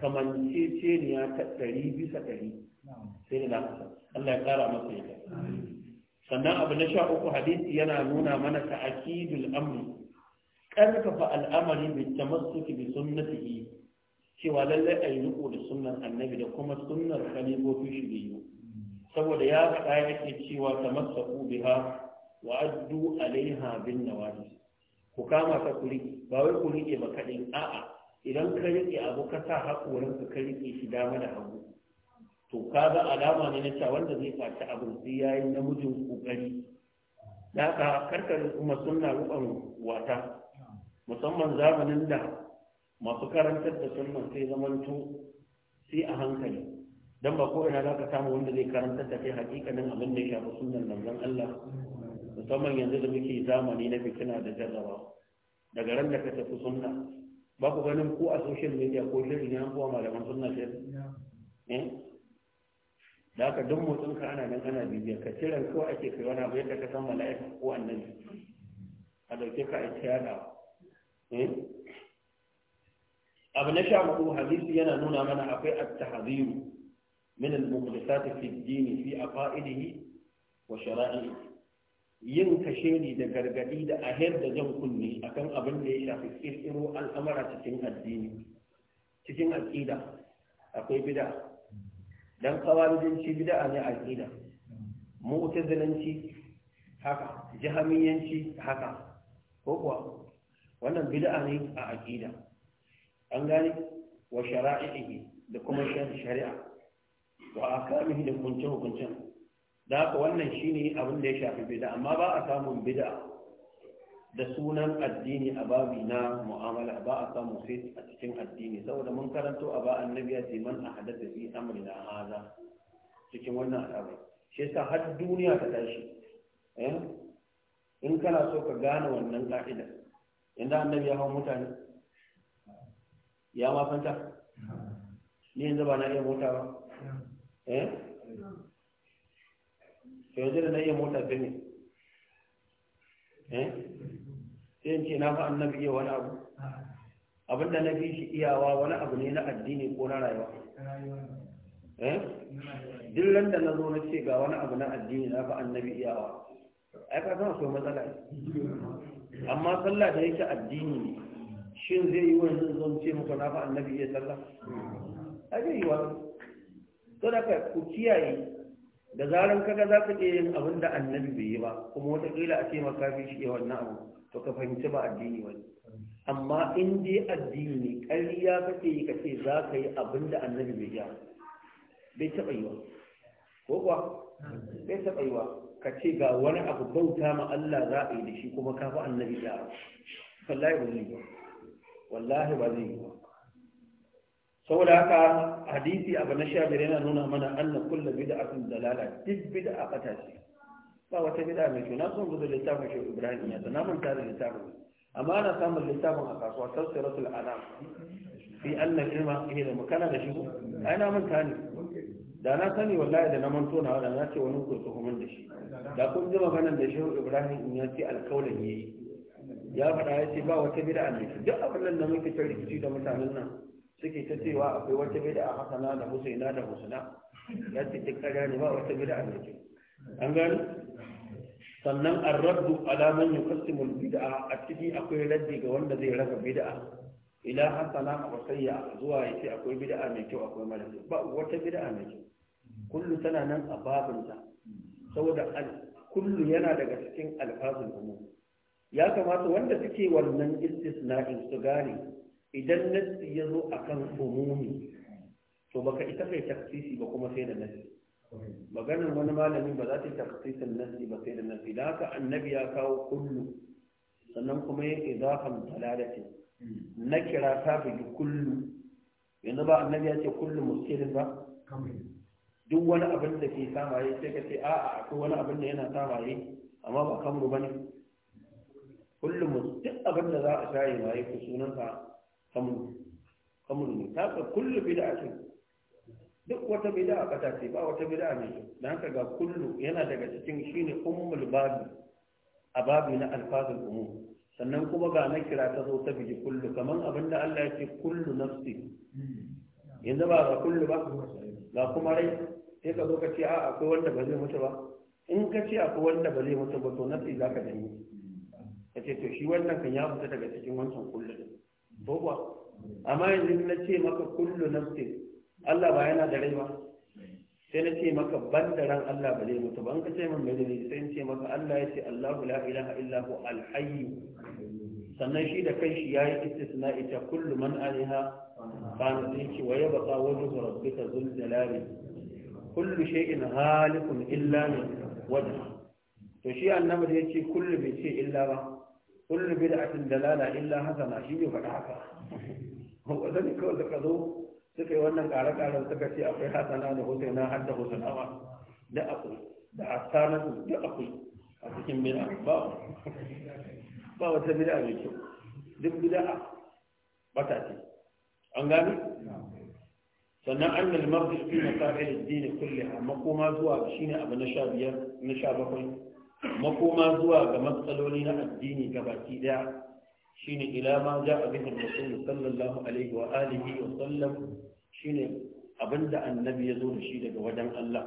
kamanceceniya ta ɗari bisa ɗari sai na hasan allah ya ƙara masa yadda sannan abu na sha uku hadisi yana nuna mana ta'akidul amri ƙarfafa al'amari bi tamassuki bi sunnatihi cewa lallai a yi riko da sunnar annabi da kuma sunnar khalifofi shi biyu saboda ya faɗa yake cewa tamassaku biha wa addu alaiha bin nawajis ku kama ka kuri ba wai ku riƙe ba kaɗai a'a idan ka riƙe abu ka sa haƙorinka ka rike shi dama da hagu to ka ga alama ne na cewa wanda zai faci abu sai ya namijin kokari da haka karkar kuma sunna ruɓan wata musamman zamanin da masu karantar da sunnan sai zamanto sai a hankali dan ba ko ina za ka samu wanda zai karantar da kai hakikanin abin da ya shafi sunnan manzon Allah musamman yanzu da muke zamani na fitina da jarrabawa daga ran da ka tafi sunna ba ku ganin ko a social media ko shirin ya kuwa malaman sunna ce eh? da ka duk motsin ka ana nan ana bibiya ka cire kawai ake kai wani abu yadda ka san mala'ika ko annabi a dauke ka a yadawa Eh? abu na sha hudu hadisi yana nuna mana akwai at-tahziru min al-mukhlisati fi ad-din fi aqaidihi wa shara'ihi yin kashedi da gargadi da ahir da jan kunni akan abin da ya shafi tsiro al'amara cikin addini cikin aqida akwai bid'a dan shi bid'a ne aqida mu'tazilanci haka jahamiyanci haka ko kuwa wannan bid'a ne a aqida an gane wa shara'ihi da kuma shari'a wa akamihi da hukunce hukuncin da haka wannan shine abin da ya shafi bid'a amma ba a samun bid'a da sunan addini a babi na mu'amala ba a samun sai a cikin addini saboda mun karanto a ba annabi ya ce man ahadatha fi amrina hadha cikin wannan al'amari shi yasa har duniya ta tashi eh? in kana so ka gane wannan ka'idar inda annabi ya hau mutane ya ma fanta ni yanzu ba na iya mota ba eh yanzu da na iya mota ta ne eh sai ce na fa annabi iya wani abu abin da na fi shi iyawa wani abu ne na addini ko na rayuwa eh duk da na zo na ce ga wani abu na addini na fa annabi iyawa ai ka san so matsala amma sallah da yake addini ne shin zai yi wani zan ce muku na fa annabi ya sallah a zai yi wa to da ka ku kiyaye da zaran kaga za ka iya yin abin da annabi bai yi ba kuma wataƙila a ce maka fi shi wannan abu to ka fahimci ba addini ba amma in dai addini ne ƙarya kake yi ce za ka yi abin da annabi bai yi bai taɓa yi wa ko kuwa bai taɓa yi wa ka ce ga wani abu bauta ma Allah za a yi da shi kuma ka fi annabi da wallahi ba zai ba wallahi ba zai ba saboda haka hadisi abu na sha biyar yana nuna mana anna kullu bid'atin dalala duk bid'a fata ce ba wata bid'a mai kyau na son gudu littafin shi Ibrahim ya na manta da littafin amma ana samun littafin a kasuwa tafsiratul anam fi anna ilma ila eh, Kana da shi ai na manta ne da na sani wallahi da na manto na wadda na ce wani ku tuhumin da shi da kun ji maganar da shehu ibrahim in ya ce alkaulin yayi ya faɗa ya ce ba wata bid'a ne duk abin nan da muke ta rikici da mutanen nan suke ta cewa akwai wata bid'a hasana da husaina da husna ya ce duk ƙarya ne ba wata bid'a ne an gani sannan ar-raddu ala man yuqassimu al-bid'a a ciki akwai raddi ga wanda zai raba bid'a ila hasana wa sayya zuwa ya ce akwai bid'a mai kyau akwai mara ba wata bid'a mai kyau kullu tana nan a babinta saboda kullu yana daga cikin alfazul umum ya kamata wanda suke wannan istisna'in su gane idan nassi ya zo a kan umumi to baka ita kai taksisi ba kuma sai da nassi maganar wani malami ba za ta yi taksisin nasi ba sai da nasi, da haka annabi ya kawo kullu sannan kuma ya idafan talalati na kira ta fi kullu yanzu ba annabi ya ce kullu muskilin ba duk wani abin da ke samaye sai ka ce a'a akwai wani abin da yana samaye amma ba kamru bane kullum duk abin da za a shaye maye ko sa kamru kamru ne ta kullu bid'atin duk wata bid'a bata ce ba wata bid'a ne dan haka ga kullu yana daga cikin shine ummul babi a babi na alfazul umum sannan kuma ga na kira ta zo ta biji kullu kaman abinda Allah ya ce kullu nafsi yanzu ba ga kullu ba ga kuma rai sai ka zo ka ce a akwai wanda ba zai mutu ba in ka ce akwai wanda ba zai mutu ba to nasi za ka gani ka ce to shi wannan kan ya fita daga cikin wancan kullu din ko kuwa amma yanzu na ce maka kullu nafsin Allah ba yana da rai ba sai na ce maka ban da ran Allah ba zai mutu ba In ka ce min mai dalili sai in ce maka Allah ya ce Allahu la ilaha illa hu al sannan shi da kai shi yayi istisna ita kullu man alaiha kana sai ce wa yabqa wajhu rabbika zul jalali kullu shay'in halikun illa ne wajh to shi annabi da yace kullu bai ce illa ba kullu bid'atin dalala illa hasana shi ne faɗa haka wadanda kawai suka zo suka yi wannan ƙare-ƙaren suka ce akwai hasana da husaina har da husainawa da akwai da asanatu da akwai a cikin bid'a ba ba wata bid'a mai kyau duk bid'a bata ce an gani sannan an da limarci fi na kafin dini kulle makoma zuwa shi ne abu na sha biyar na sha bakwai makoma zuwa ga matsaloli na addini ga baki daya shine ila ma za a bihin rasul sallallahu alaihi wa alihi wa sallam shi ne abinda annabi ya zo da shi daga wajen Allah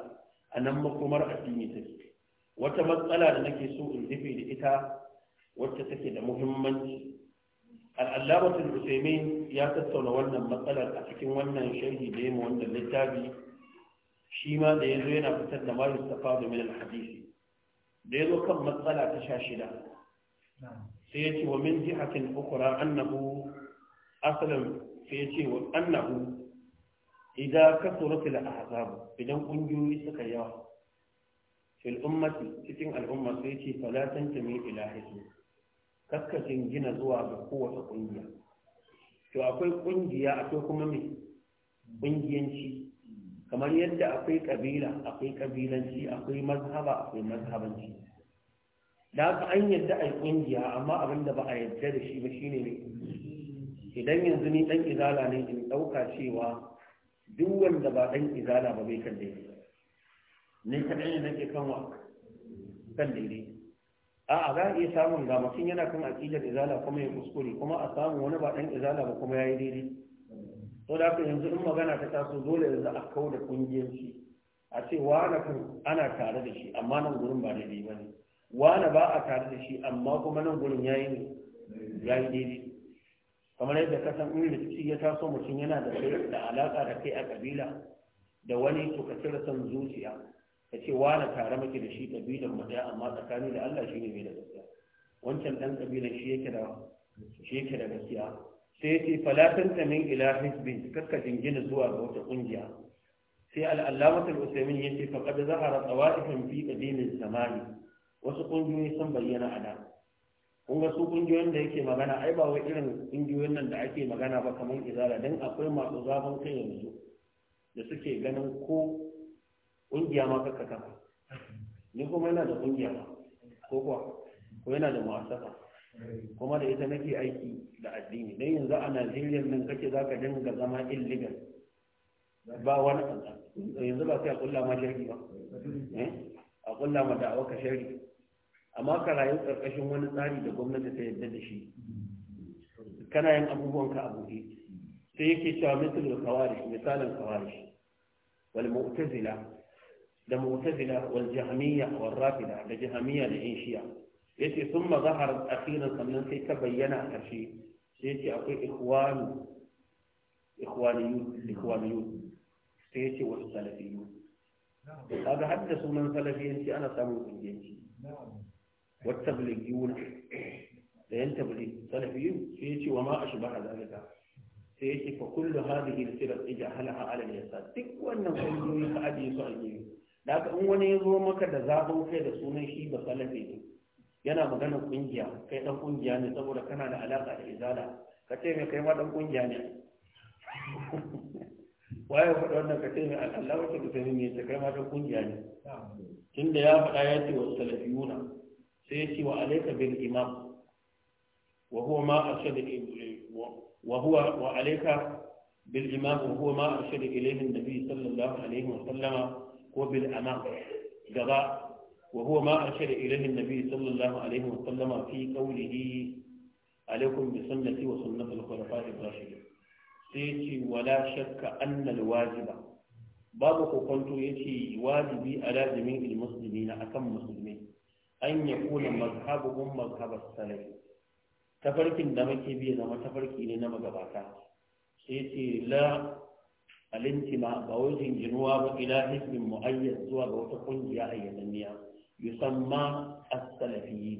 a nan makomar addini take wata matsala da nake so in rufe da ita wacce take da muhimmanci al'allamatul usaimin ya tattauna wannan matsalar a cikin wannan sharhi da yamma wannan littafi shi ma da ya zo yana fitar da mayu safa da min hadisi da ya zo kan matsala ta sha shida sai ya ce wa min jihatin ukura annahu asalin sai ya ce wa annahu idan kasuratul ahzab idan ƙungiyoyi suka yawa fil ummati cikin al'umma sai ya ce fala tantami ila kakka jingina zuwa ga kowace ƙungiya to akwai ƙungiya akwai kuma me ƙungiyanci kamar yadda akwai ƙabila akwai ƙabilanci akwai mazhaba akwai mazhabanci da aka an yadda a ƙungiya amma abin da ba a yadda da shi ba shine ne idan yanzu ni dan izala ne in ɗauka cewa duk wanda ba dan izala ba bai kan daidai ne kaɗan ne nake kan wa kan daidai a'a za a iya samun ga mutum yana kan aƙidar izala kuma ya kuskure kuma a samu wani ba ɗan izala ba kuma ya yi daidai to da haka yanzu in magana ta taso dole yanzu a kau da ƙungiyarci a ce wane kan ana tare da shi amma nan gurin ba daidai ba ne wane ba a tare da shi amma kuma nan gurin ya yi daidai kamar yadda ka san in rikici ya taso mutum yana da da alaƙa da kai a ƙabila da wani to cire son zuciya ka ce na tare muke da shi kabilan mu daya amma tsakani da Allah shi ne mai da gaskiya wancan dan kabilan shi yake da shi yake da gaskiya sai ya ce falatan min ila hizbin kakka jingina zuwa ga wata kungiya sai al'allamata al'usaimin ya ce faƙaɗa zahara tsawa'ifin fi ƙadimin zamani wasu ƙungiyoyi sun bayyana a da. kun ga su ƙungiyoyin da yake magana ai ba wai irin ƙungiyoyin nan da ake magana ba kamar izala don akwai masu zafin kai yanzu da suke ganin ko ƙungiya ma kaka kaka ni kuma yana da ƙungiya ma ko kuwa ko yana da ma'asafa kuma da ita nake aiki da addini don yanzu a Najeriya nan za zaka dinga zama illegal ba wani yanzu ba sai a ƙulla ma shari'a ba eh? a ƙulla ma da'awa ka shari'a amma ka rayu ƙarƙashin wani tsari da gwamnati ta yadda da shi kana yin abubuwan ka a buɗe sai yake cewa da kawarish misalin kawarish wal mu'tazila da mu'tazila wal jahmiyya wal rafida da jahmiyya da yan shi'a yace sun mazahar akhiran sannan sai ta bayyana a karshe sai yace akwai ikhwanu ikhwaniyun ikhwaniyun sai yace wasu salafiyun kaga hadda sunan salafiyanci ana samun kungiyanci wata tablighiyun da yan tabligh salafiyu. sai yace wa ma ashbaha zalika sai yace fa kullu hadhihi al-firq ijahalaha ala al-yasar duk wannan kungiyoyi ka ajiye su a gefe da haka in wani ya zo maka da zaɓin kai da sunan shi ba salafi ne yana maganar ƙungiya kai ɗan ƙungiya ne saboda kana da alaƙa da izala ka ce mai kai ma ɗan ƙungiya ne <laughs> waye faɗa wannan ka ce mai Allah wata ka sani ne kai ma ɗan ƙungiya ne tunda ya faɗa ya ce wa salafiyuna sai ya ce wa alaika bil imam wa huwa ma arshada wa huwa wa alaika bil imam wa huwa ma arshada ilayhi an-nabi sallallahu alaihi wa sallama ko bil amam gaba wa huwa ma arshada wala shakka anna babu kokonto wajibi ala jami'il akan musulmi an yakuna mazhabuhum mazhabas tafarkin da muke bi ne na magabata alintima ba wajen jinuwa ba ila hisbin mu'ayyad zuwa ga wata kungiya a salafi yi. salafiyyi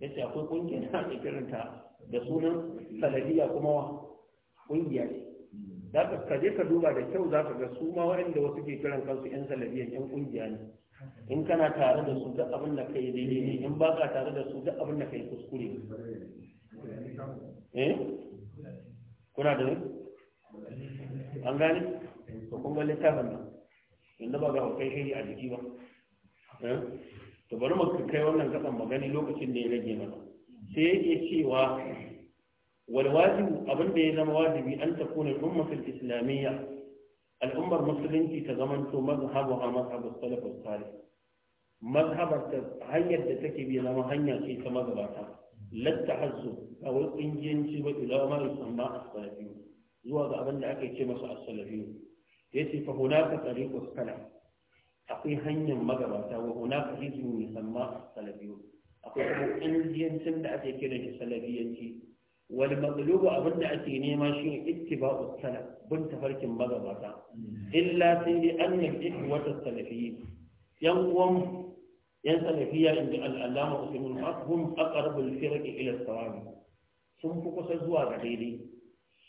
yace akwai kungiyar da ake kiranta da sunan salafiyya kuma wa kungiya ne za ka kaje ka duba da kyau za ka ga su ma waɗanda wasu ke kiran kansu yan salafiyyan yan kungiya ne in kana tare da su duk abin da kai daidai ne in ba ka tare da su duk abin da kai kuskure eh kuna da an gani to kuma littafin nan inda ba ga hukai shi a jiki ba eh? to bari mu kai wannan kasan magani lokacin da ya rage mana sai yake cewa wal wajibu abin da ya zama wajibi an ta kuna umma fil islamiyya al'ummar musulunci ta zamanto mazhabu ha mazhabu salafus salih mazhabar ta hanyar da take bi zama hanya ce ta magabata latta hazzu a wani kungiyanci ba ila ma yusamma as zuwa ga abin da aka ce masu as-salafiyu ce, fa hunaka tariqus salaf akwai hanyar magabata wa hunaka hizbu yusamma as-salafiyu akwai kuma indiyancin da ake kira shi salafiyanci wal maqlubu abin da ake nema shi ne ittiba'u salaf bin tafarkin magabata illa sai dai an yafi wata salafiyyi yan uwan yan salafiya inda al-allama usman hum aqrabul firq ila as sun fi kusa zuwa ga daidai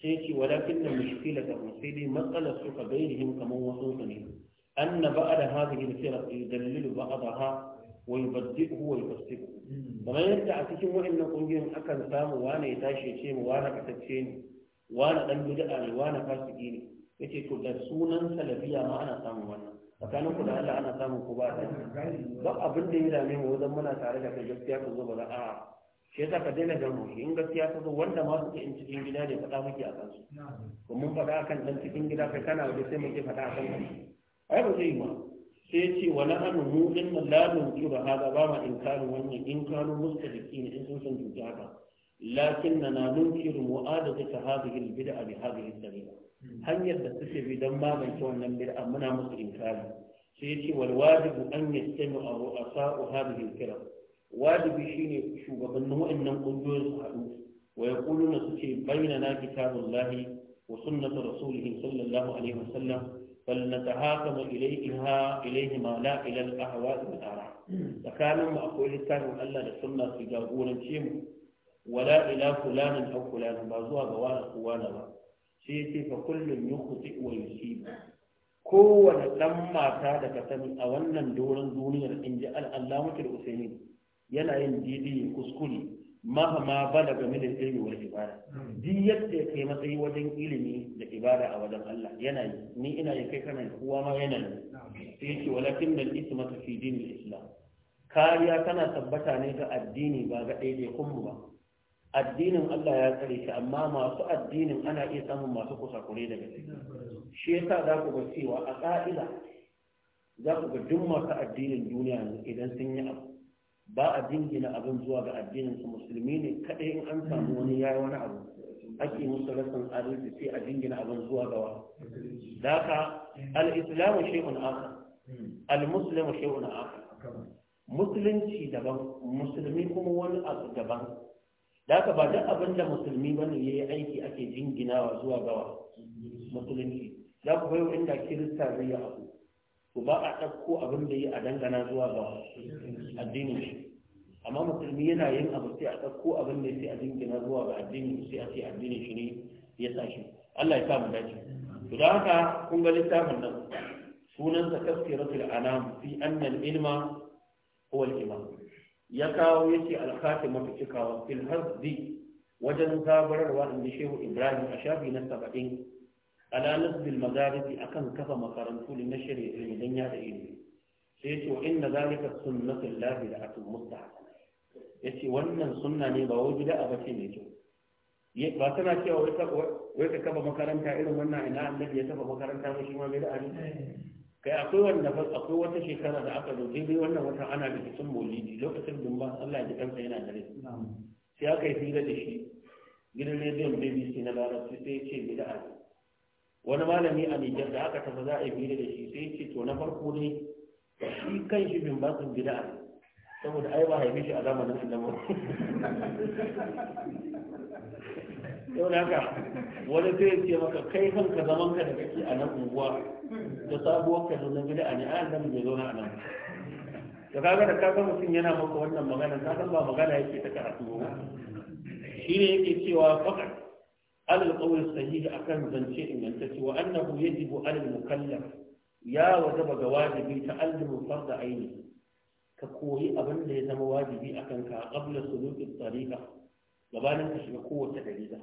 sai ce walakin da mushkila da sai dai matsalar su ka bayyana kamar wasu su ne an na ba'a da hafi da sai rafi dalilu ba'a da ha wai baddi wai fasiku kamar yadda a cikin wa'annan ƙungiyar akan samu wane ya tashi ya ce mu wane kasance ne wane ɗan bid'a ne wane fasiki ne Ya ce to da sunan salafiya ma ana samun wannan tsakanin ku da Allah ana samun ku ba ta ba abin da ya dame mu wajen muna tare da kai gaskiya ku zo ba za a shi yasa ka daina gan ruhi in gaskiya ta zo wanda ma suke in cikin gida ne faɗa muke a kansu ko mun faɗa kan ɗan cikin gida kai kana waje sai muke faɗa akan kai ai ba zai yi ma. sai ce wa na'anu mu in na la nunkiru haka ba ma inkarin wannan in kano da kanu ne in sun san juji haka lakinna na na zai mu'adadata hadhihi al-bid'a bi hadhihi al-sabila hanyar da suke bi don magance wannan bid'a muna musu in inkari sai ce wal wajibu an yi a ru'asa'u hadhihi al-kiram wajibi shine shugabannin waɗannan ƙungiyoyin su haɗu wa ya ƙulu bayyana na kitabun lahi wa sunnata rasulihim sallallahu alaihi wa sallam bal na haka ma ilaihima ilaihima la ilal ahawa da tsara tsakanin mu akwai littafin allah da sunna su jagorance mu wala ila kulanin ɗan ba zuwa ga wani kowane ba shi kullum yi kuɗi wa yi shi kowane ɗan mata da ka a wannan doron duniyar inji ji al'allah mutu da usaini yana yin didi kuskure mahama da min da ilmi wal ibada duk yadda ya kai matsayi wajen ilimi da ibada a wajen Allah yana yi ni ina yi kai kana kowa ma yana yi sai yace walakin isi isma fi dini islam kariya tana tabbata ne ga addini ba ga ɗaya kunmu ba addinin Allah ya tsare shi amma masu addinin ana iya samun masu kusakure daga shi shi yasa za ku ga cewa a za ku ga duk masu addinin duniya idan sun yi abu ba a dingina abin zuwa ga addinin su musulmi ne kadai in an samu wani yayi wani abu ake musu rasan adalci sai a dingina abin zuwa ga wa daka al Islamu shay'un aka? al-muslim shay'un aka? musulunci daban musulmi kuma wani abu daban daka ba duk abin da musulmi bane yayi aiki ake jinginawa zuwa ga wa musulunci za ku bayo inda kirista zai yi abu Ku ba a ɗauko abin da yi a dangana zuwa ga addinin shi amma musulmi yana yin abu sai a ɗauko abin da sai a dingina zuwa ga addinin sai a ce addinin shi ne ya sa shi Allah ya sa mu dace to da haka kun ga littafin nan sunan sa tafsiratul anam fi anna al-ilma huwa al-imam ya kawo yace al-khatima fi cikawa fil hazbi wajen zabararwa inda shehu ibrahim a shafi na saba'in ala nasbil madarisi akan kafa makarantu na shirya ilmi ya da ilimi sai yace wa inna zalika sunnatul lahi da atul mustahsana yace wannan sunna ne ba wai bid'a ba ce mai kyau ba tana cewa wai ka wai ka kafa makaranta irin wannan ina annabi ya kafa makaranta ba shi ma bid'a ne kai akwai wanda fa akwai wata shekara da aka zo dai wannan wata ana da rikicin maulidi lokacin dumba Allah ya kansa yana da rai sai aka yi hira da shi gidan rediyon BBC na larabci sai ya ce bid'a ne wani malami a Nijar da aka tafi za a yi da shi sai ce to na farko ne shi kan shi bin basin a saboda ai ba haifi shi a zamanin annabi yau da haka wani zai ce maka kai kanka zaman ka da kake a nan unguwa da sabuwar ka gida a ne a nan mai zauna a nan da kaga da kaga mutum yana maka wannan magana ka san ba magana yake ta karatu ba shi ne yake cewa fakat alal qawl sahihi akan zance ingantacce wa annahu yajibu alal mukallaf ya wajaba ga wajibi ta'allimu farda aini ka koyi abin da ya zama wajibi akan ka qabla suluki tariqa gabanin ka shiga kowace dalila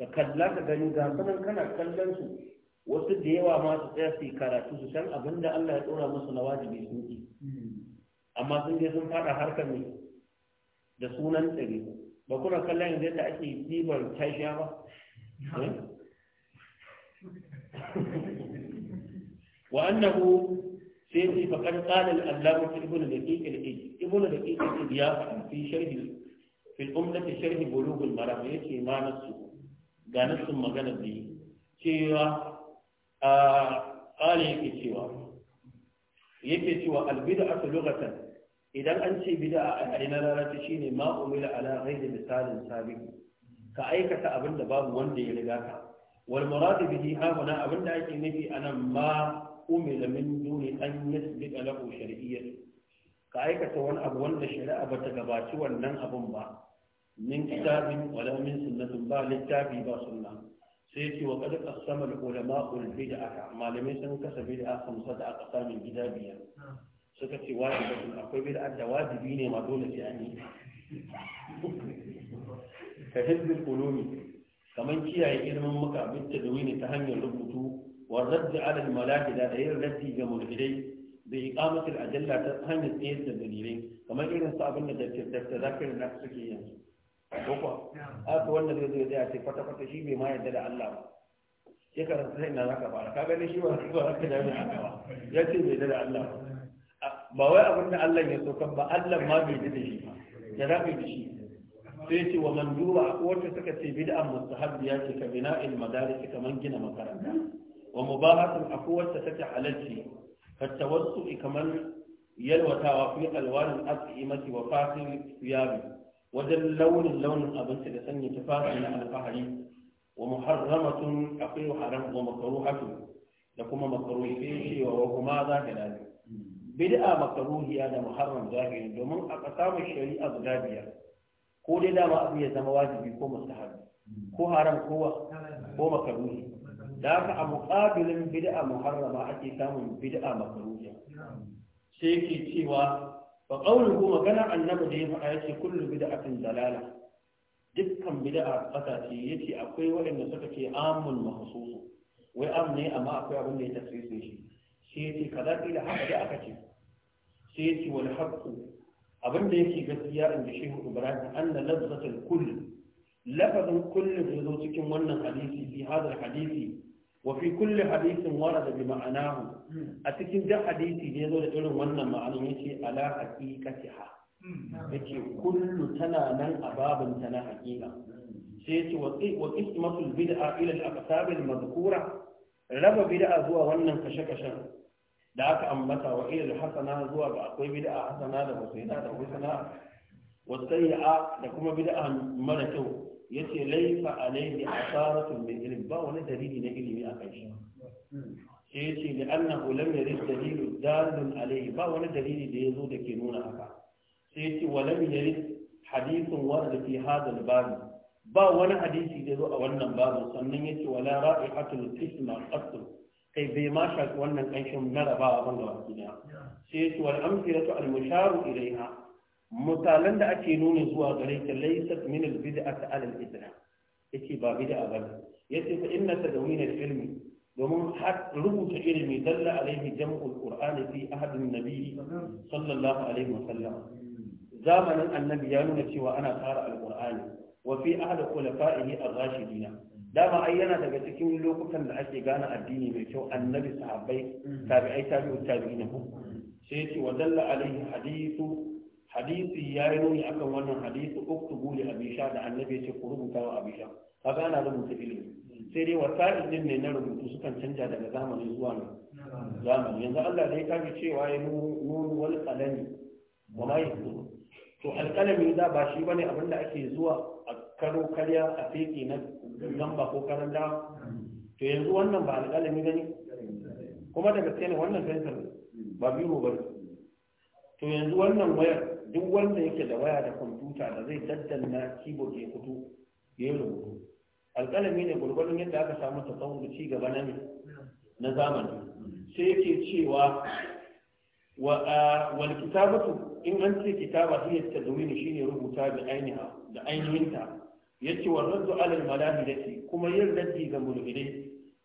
ka kalla ka gani ga sanan kana kallon su wasu da yawa masu tsaya su karatu su san abin da Allah ya ɗora musu na wajibi sun ki amma sun je sun fada harkar ne da sunan tsari ba kuna kallon yanzu yadda ake ɗibar tashiya ba eh? wa annahu sai ce fa kan qalal allama ibn daqiq al-ij ibn daqiq al-ij ya fi sharhi في الأمة شرح بلوغ المرام يتي ما نسو دا نسو مغانا دي تيوا آه قال يكي cewa, يكي تيوا البدعة لغة idan an ce bida a ƙarina larabci shine ma umila ala ghairi misalin sabiq ka aikata abin da babu wanda ya riga ka wal muradu bihi hahuna abin da ake nufi anan ma umila min duni an yasbiqa lahu shar'iyyah ka aikata wani abu wanda shari'a bata gabaci wannan abun ba min kitabin wala min sunnatin ba littafi ba sunna sai ce wa kada qasama da ulama ul bid'a malamai sun kasa bid'a khamsa da aqsamin gida biyar suka ce wajibatun akwai bid'a da wajibi ne ma dole sai an yi ka hizbul ulumi kaman kiyaye ilimin muka bitta da wini ta hanyar rubutu wa raddi ala al malakida da yin raddi ga mulhidai da iqamati al adalla ta hanyar tsayar da dalilai kamar irin su abin da dakta zakir na suke yanzu ko kuwa aka wanda zai zai tsaya ce kwata kwata shi bai ma yarda da Allah ba ya karanta sai na zaka fara ka gani shi ba ba ka da ba ya ce bai yarda da Allah ba ba wai abin Allah ya saukan ba Allah ma bai bi da shi ba ya rabi da shi sai ce wa man duwa wata suka ce bid'an mustahabbiya ce ka bina il madaris gina makaranta wa mubahatun akwai wata take halalci ka tawassu kaman yalwatawa fi alwanin maki wa fasil yabi wajen launin launin abinci da sanya tufafi na alfahari wa muharramatun akwai haram wa makaruhatu da kuma makaruhi sai ce wa kuma za ka dalilin bid'a makaruhiya da muharram zahiri domin a kasamun shari'a guda biyar ko dai dama abu ya zama wajibi ko mustahabi ko haram ko ko makaruhi da haka a muqabilin bid'a muharrama ake samun bid'a makaruhiya sai ke cewa fa qawluhu magana annabi da ya faɗa yace kullu bid'atin dalala dukkan bid'a fata yace akwai waɗanda suka ce amun mahsusu wai am ne amma akwai abin da ya tafsiri shi sai ya ce kaza da haka da aka ce sai ce wani haƙƙo abin da yake gaskiya in ji shehu ibrahim an na lazzatar kulli lafazin kullum ya zo cikin wannan hadisi fi hadar hadisi wa fi kulli hadisin warada bi ma'anahu a cikin duk hadisi ne ya zo da irin wannan ma'anar yace ala ha. yake kullu tana nan a babin ta na haƙiƙa sai yace wa qismatul bid'a ila al-aqsab al-madhkura raba bid'a zuwa wannan kashe-kashen da aka ambata wa ilal hasana zuwa ga akwai bid'a hasana da husaina da husaina wa sayyi'a da kuma bid'a mara kyau yace laifa alayhi asaratun min ilm ba wani dalili na ilimi a kai shi sai yace da annahu lam yarid dalilu dalun alayhi ba wani dalili da yazo da ke nuna haka sai yace wa lam yarid hadithun warada fi hadha al ba wani hadisi da zo a wannan babu sannan yace wala ra'ihatul qisma qatl kai bai ma shafi wannan ƙanshin na rabawa ban wasu gida sai ya ce wal amsiratu al musharu ilaiha da ake nuna zuwa gare ta laysat min al bid'ati ala idra yace ba bid'a ba yace fa inna tadwin al ilmi domin rubuta ilimi dalla alaihi jam'ul qur'ani fi ahadin nabi sallallahu alaihi wa sallam zamanin annabi ya nuna cewa ana tsara alqur'ani wa fi ahad khulafa'ihi ar-rashidina dama ai yana daga cikin lokutan da ake gane addini mai kyau annabi sahabbai tabi'ai tabi'u tabi'in ku sai yace wa dalla alaihi hadithu hadisi ya yi nuni akan wannan hadisi uktubu li abisha da annabi yace ku rubuta wa abisha kaga ana rubuta ilimi sai dai wasa'il din ne na rubutu sukan canja daga zamani zuwa zamani yanzu Allah dai kaji cewa ya nuni wal qalami wa ma yaqulu to alƙalami da ba shi bane abinda ake zuwa a karo karya a feke na lamba ko karanta to yanzu wannan ba alƙalami gani kuma daga gaske ne wannan fensir ba biyu ba to yanzu wannan wayar duk wanda yake da waya da kwamfuta da zai daddanna keyboard ya fito ya yi rubutu alƙalami ne gwargwadon yadda aka samu tsawon da cigaba gaba na na zamani sai yake cewa wal kitabatu in an ce kitaba hiya tadwin shine rubuta da ainiha da ainihinta yace wa raddu alal malaikati kuma yin raddi ga mulhidai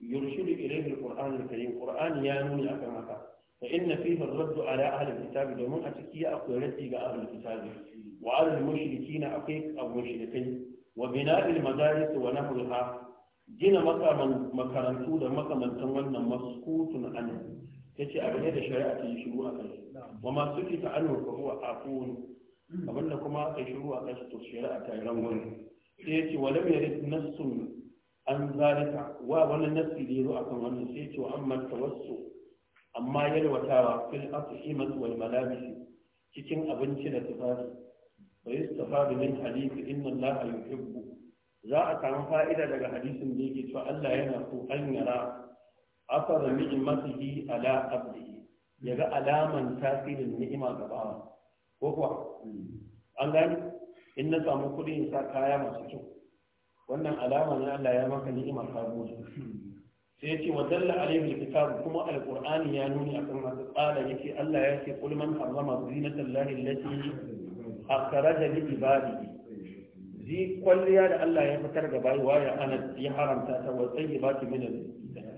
yurshidu ilayhi alquran alkarim qur'an ya nuni akan haka fa inna fihi ar-radd ala ahli alkitab domin a ciki ya akwai raddi ga ahli alkitab wa ala almushrikin akwai abu mushrikai wa bina'il madaris wa nahwiha gina makarantu da makamantan wannan maskutun an yace a ne da shari'a ta yi shiru a kai wa masu kita an wa huwa aqulu abinda kuma aka shiru a kai to shari'a ta yi rangwani sai ya ce walam yarid nassun an zalika wa wani nassi da yazo akan wannan sai ya ce wa amma tawassu amma yalwatawa fil at'imat wal malabis cikin abinci da tufafi wa yustafadu min hadith inna allaha yuhibbu za a samu fa'ida daga hadisin da yake cewa Allah yana so an yara asara ni'matihi ala abdihi yaga alaman tasirin ni'ima ga bawa ko kuwa an gani in na samu kuɗi in sa kaya masu kyau wannan alama ne Allah ya maka ni'imar ka gode sai yace wa dalla alaihi kitab kuma alqur'ani ya nuni akan haka tsala yake Allah ya ce kul man harrama zinata allahi allati akhraja li ibadihi zi kwalliya da Allah ya fitar da bayi waya ana ya haramta ta wa tayyibati min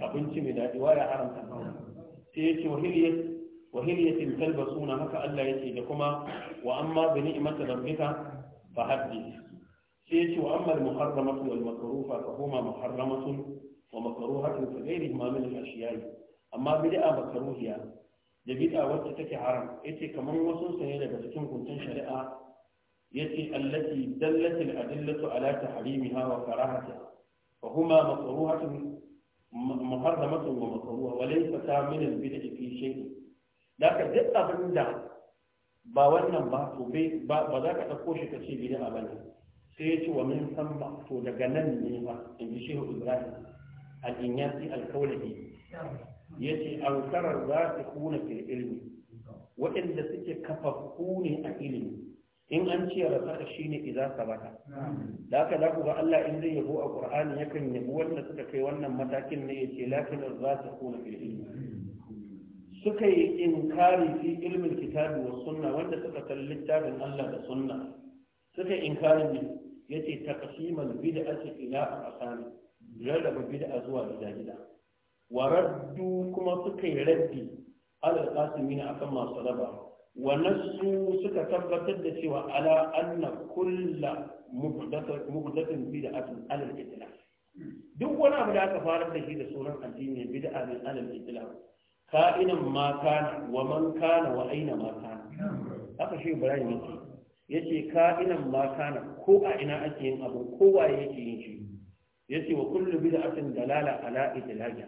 abinci mai daɗi waya haramta sai yace wa hiliyat wa hiliyatin talbasuna haka Allah yake da kuma wa amma bi ni'mati rabbika fa haddi sai ya ce wa amma al-muharramatu wal makruha fa huma muharramatun amma bid'a makruhiya da bid'a wacce take haram yace kamar wasu sanye daga cikin kuntun shari'a yace allati dallati al-adillatu ala tahrimiha wa karahatiha fa huma makruhatun muharramatun wa makruha wa laysa min al-bid'i fi shay'in da ka duk abin da ba wannan ba to ba za ka ɗauko shi ka ce bid'a ba ne sai ya ce wa min samma to daga nan ne ba in ji shehu ibrahim al-inyasi al-kaulahi ya ce ankarar za ta kuna fil ilmi waɗanda suke kafa ne a ilimi in an ce shi shine idan sabata da haka za ku ga Allah in zai yabo a Qur'ani yakan yabo wanda suka kai wannan matakin ne yace lakin za ta kuna fil ilmi suka yi inkari fi ilmin kitabi wa sunna wanda suka kalli littafin Allah da sunna suka inkari ne yace taqsimal bid'ati ila aqsam rarraba bid'a zuwa gida gida wa raddu kuma suka yi raddi ala qasimin akan masu raba wa nasu suka tabbatar da cewa ala anna kulla muhdathatin bid'atin ala al-itlaf duk wani abu da aka fara da shi da sunan addini bid'a ne ala al-itlaf ka'inan ma kana wa man kana wa aina ma kana haka shi ibrahim yake yace ka'inan ma kana ko a ina ake yin abu ko waye yake yin shi yace wa kullu bid'atin dalala ala idlaja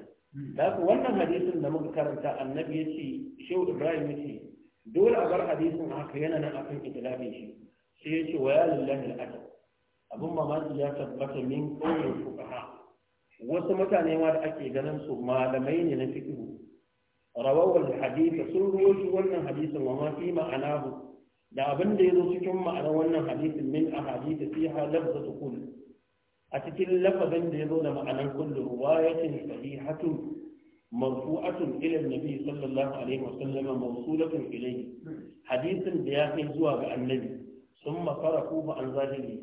da wannan hadisin da muka karanta annabi yace shehu ibrahim yace dole a bar hadisin haka yana nan akan idlabin shi sai yace wa ya lillahi al-ajr abun mamaki ya tabbata min qawlin fuqaha wasu mutane ma da ake ganin su malamai ne na fiqh rawawar hadisa sun ruwaci wannan hadisin wa ma fi ma'anahu da abin da ya zo cikin ma'anar wannan hadisin min a hadisa fi ha lafza su kullu a cikin lafazin da ya zo da ma'anar kullu ruwayatin sahihatun marfu'atun ila annabi sallallahu alaihi wasallam mawsulatun ilayhi hadisin da ya kai zuwa ga annabi thumma faraquhu an zahiri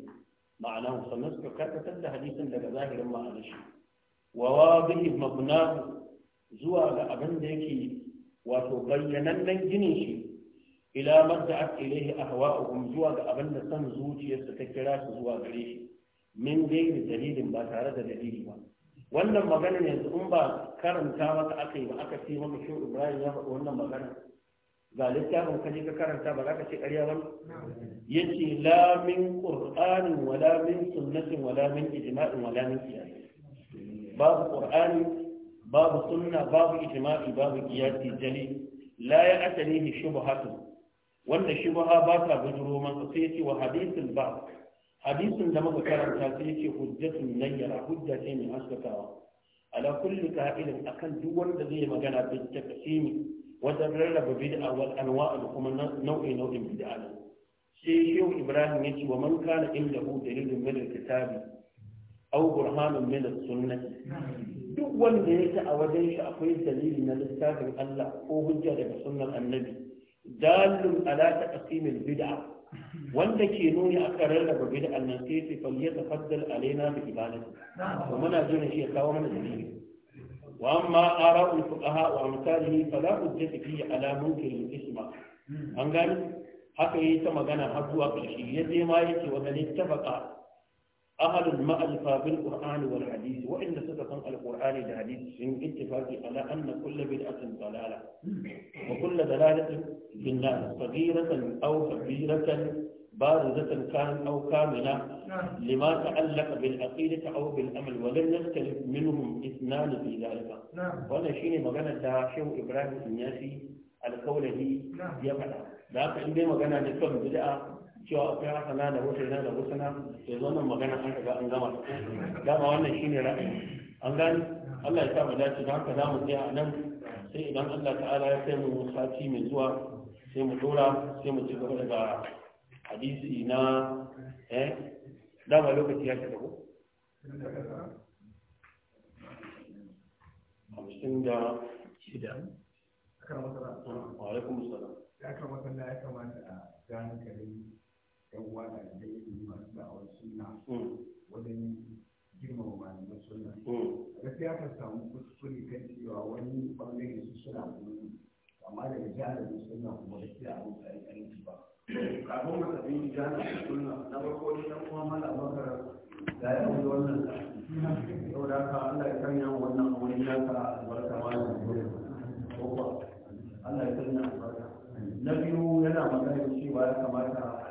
ma'ana sannan suka karkatar da hadisin daga zahirin ma'anar shi wa wadihi mabnahu zuwa ga abin da yake wato bayyanannen ginin shi ila madda ilaihi ilayhi ahwa'uhum zuwa ga abin da san zuciyarsa ta kira su zuwa gare shi min dai dalilin ba tare da dalili ba wannan magana yanzu in ba karanta maka aka yi ba aka ce maka shi Ibrahim ya faɗi wannan magana ga littafin ka je ka karanta ba za ka ce ƙarya ba yace la min qur'anin wala min sunnatin wala min ijma'in wala min qiyas babu qur'ani babu sunna babu ijma'i babu kiyasi jali la ya atanihi shubhatu wanda shubha ba ta bujuro man sai yace wa hadithul ba hadisin da muka karanta sai yace hujjatun nayyara hujja ce mai haskakawa ala kulli qa'ilin akan duk wanda zai magana bi taqsimi wajen rarraba bid'a wal anwa' da kuma nau'i nau'in bid'a sai shehu ibrahim yace wa man kana indahu dalilun min al-kitabi au burhanun min sunnati duk wanda yake a wajen shi akwai dalili na littafin Allah ko hujja daga sunnar annabi dalilun ala taqsimil bid'a wanda ke nuni akan rarraba bid'an nan sai fi falyatafaddal alaina bi ibadati to muna jira shi ya kawo mana dalili واما اراء الفقهاء وامثاله فلا حجه فيه على منكر an gani haka yi ta magana har zuwa ƙarshe ya ma yake wata ne ahalul ma'alfa bil qur'ani wal hadisi wa'inda suka san alqur'ani da hadisi sun ittifaqi ala anna kullu bid'atin dalala wa kullu dalalatin bin nar saghiratan aw kabiratan بارزة كان أو كاملة لما تعلق بالعقيدة أو بالأمل ولم يختلف منهم اثنان في ذلك وأنا شيني مغانا شيخ إبراهيم الناسي القوله يبعد ذاك عندي مغانا لكم بدأ cewa akwai hasana da husaina da husana da wannan magana an riga an gama dama wannan shine ra'ayi an gani Allah ya sa mu dace haka zamu tsaya a nan sai idan Allah ta'ala ya kai mu sati mai zuwa sai mu dora sai mu ci gaba daga hadisi na eh dama lokaci ya shiga ko hamsin da shida wa alaikum salam ya kamata ya kamata a gani kare yan uwa da da ilimi masu da'awar suna hmm. wajen girmama malaman sunna hmm. gaskiya kan samu kuskure kan cewa wani bangare su suna gudu amma daga jihar sunna kuma gaskiya abin da ya karanci ba kafin mu tafi jihar suna na farko ne dan uwa malaman karatu da ya yi wannan yau da ka Allah ya sanya wannan wani naka albarka ma da ko ba Allah ya sanya albarka na biyu yana magana cewa ya kamata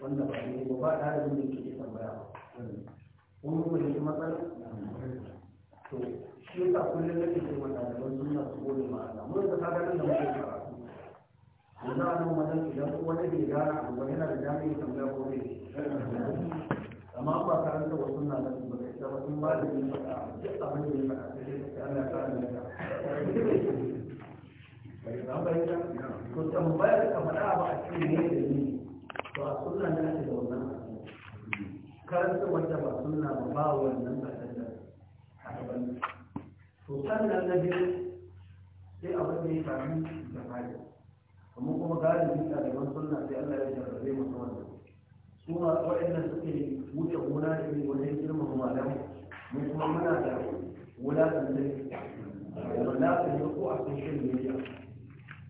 wanda ba ne ba ba ɗalibin da ke tambaya ba kun kuma shi to shi yasa kullum da ke cewa ban suna su gode ma Allah mun da kaga nan da muke karatu yanzu a nan idan wani bai gane abu ba yana da damar tambaya ko bai amma ba karanta wa suna da ba kai ta wasu ba da yin ba. duk abin da ya faɗa ta ce ta Allah ta Allah ta bai Ba bai ko tambaya ka faɗa ba a cikin ne ba suna da ake da wannan karanta wanda ba suna ba ba wannan kasanda a gaban to sannan na biyu sai abin da ya sami da fari kuma kuma galibi da gaban suna sai allah ya jarrabe masa wannan su ma waɗannan suke wuce gona da ne wajen girmama malamu mun kuma muna da wulaƙantar wulaƙantar ko a cikin media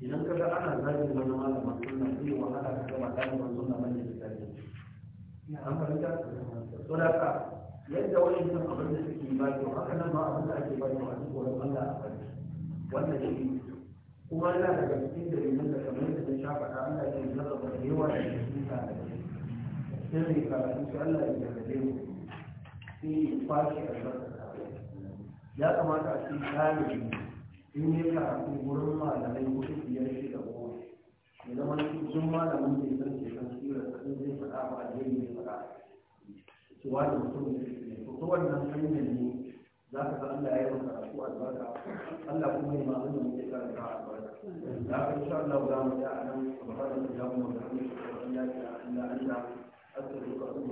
idan ka ana zagin wani malamin sunna zai wahala ka gaba ɗalibin sunna ban da zagin an fahimta so da ka yadda wani sun abin da suke yi ba kyau haka nan ba abin da ake ba kyau a cikin wani Allah a bari wannan shi kuma yana daga cikin dalilan da kamar yadda na shafa ta Allah ya yi zaba da yawa da cikin da sai mai karatu shi Allah ya gargaje mu sai ya kwashe a ya kamata a cikin ɗalibin in yi karatu wurin malamai wuri biyar shi da goma ya zama cikin malamin da ya san ke san sirar kasan zai faɗa ba a ya faɗa da mutum ne to hanyar ne za ka Allah ya yi karatu albarka Allah kuma ya da karanta albarka za mu nan a ba da mu da hannun shi da lafiya Allah Allah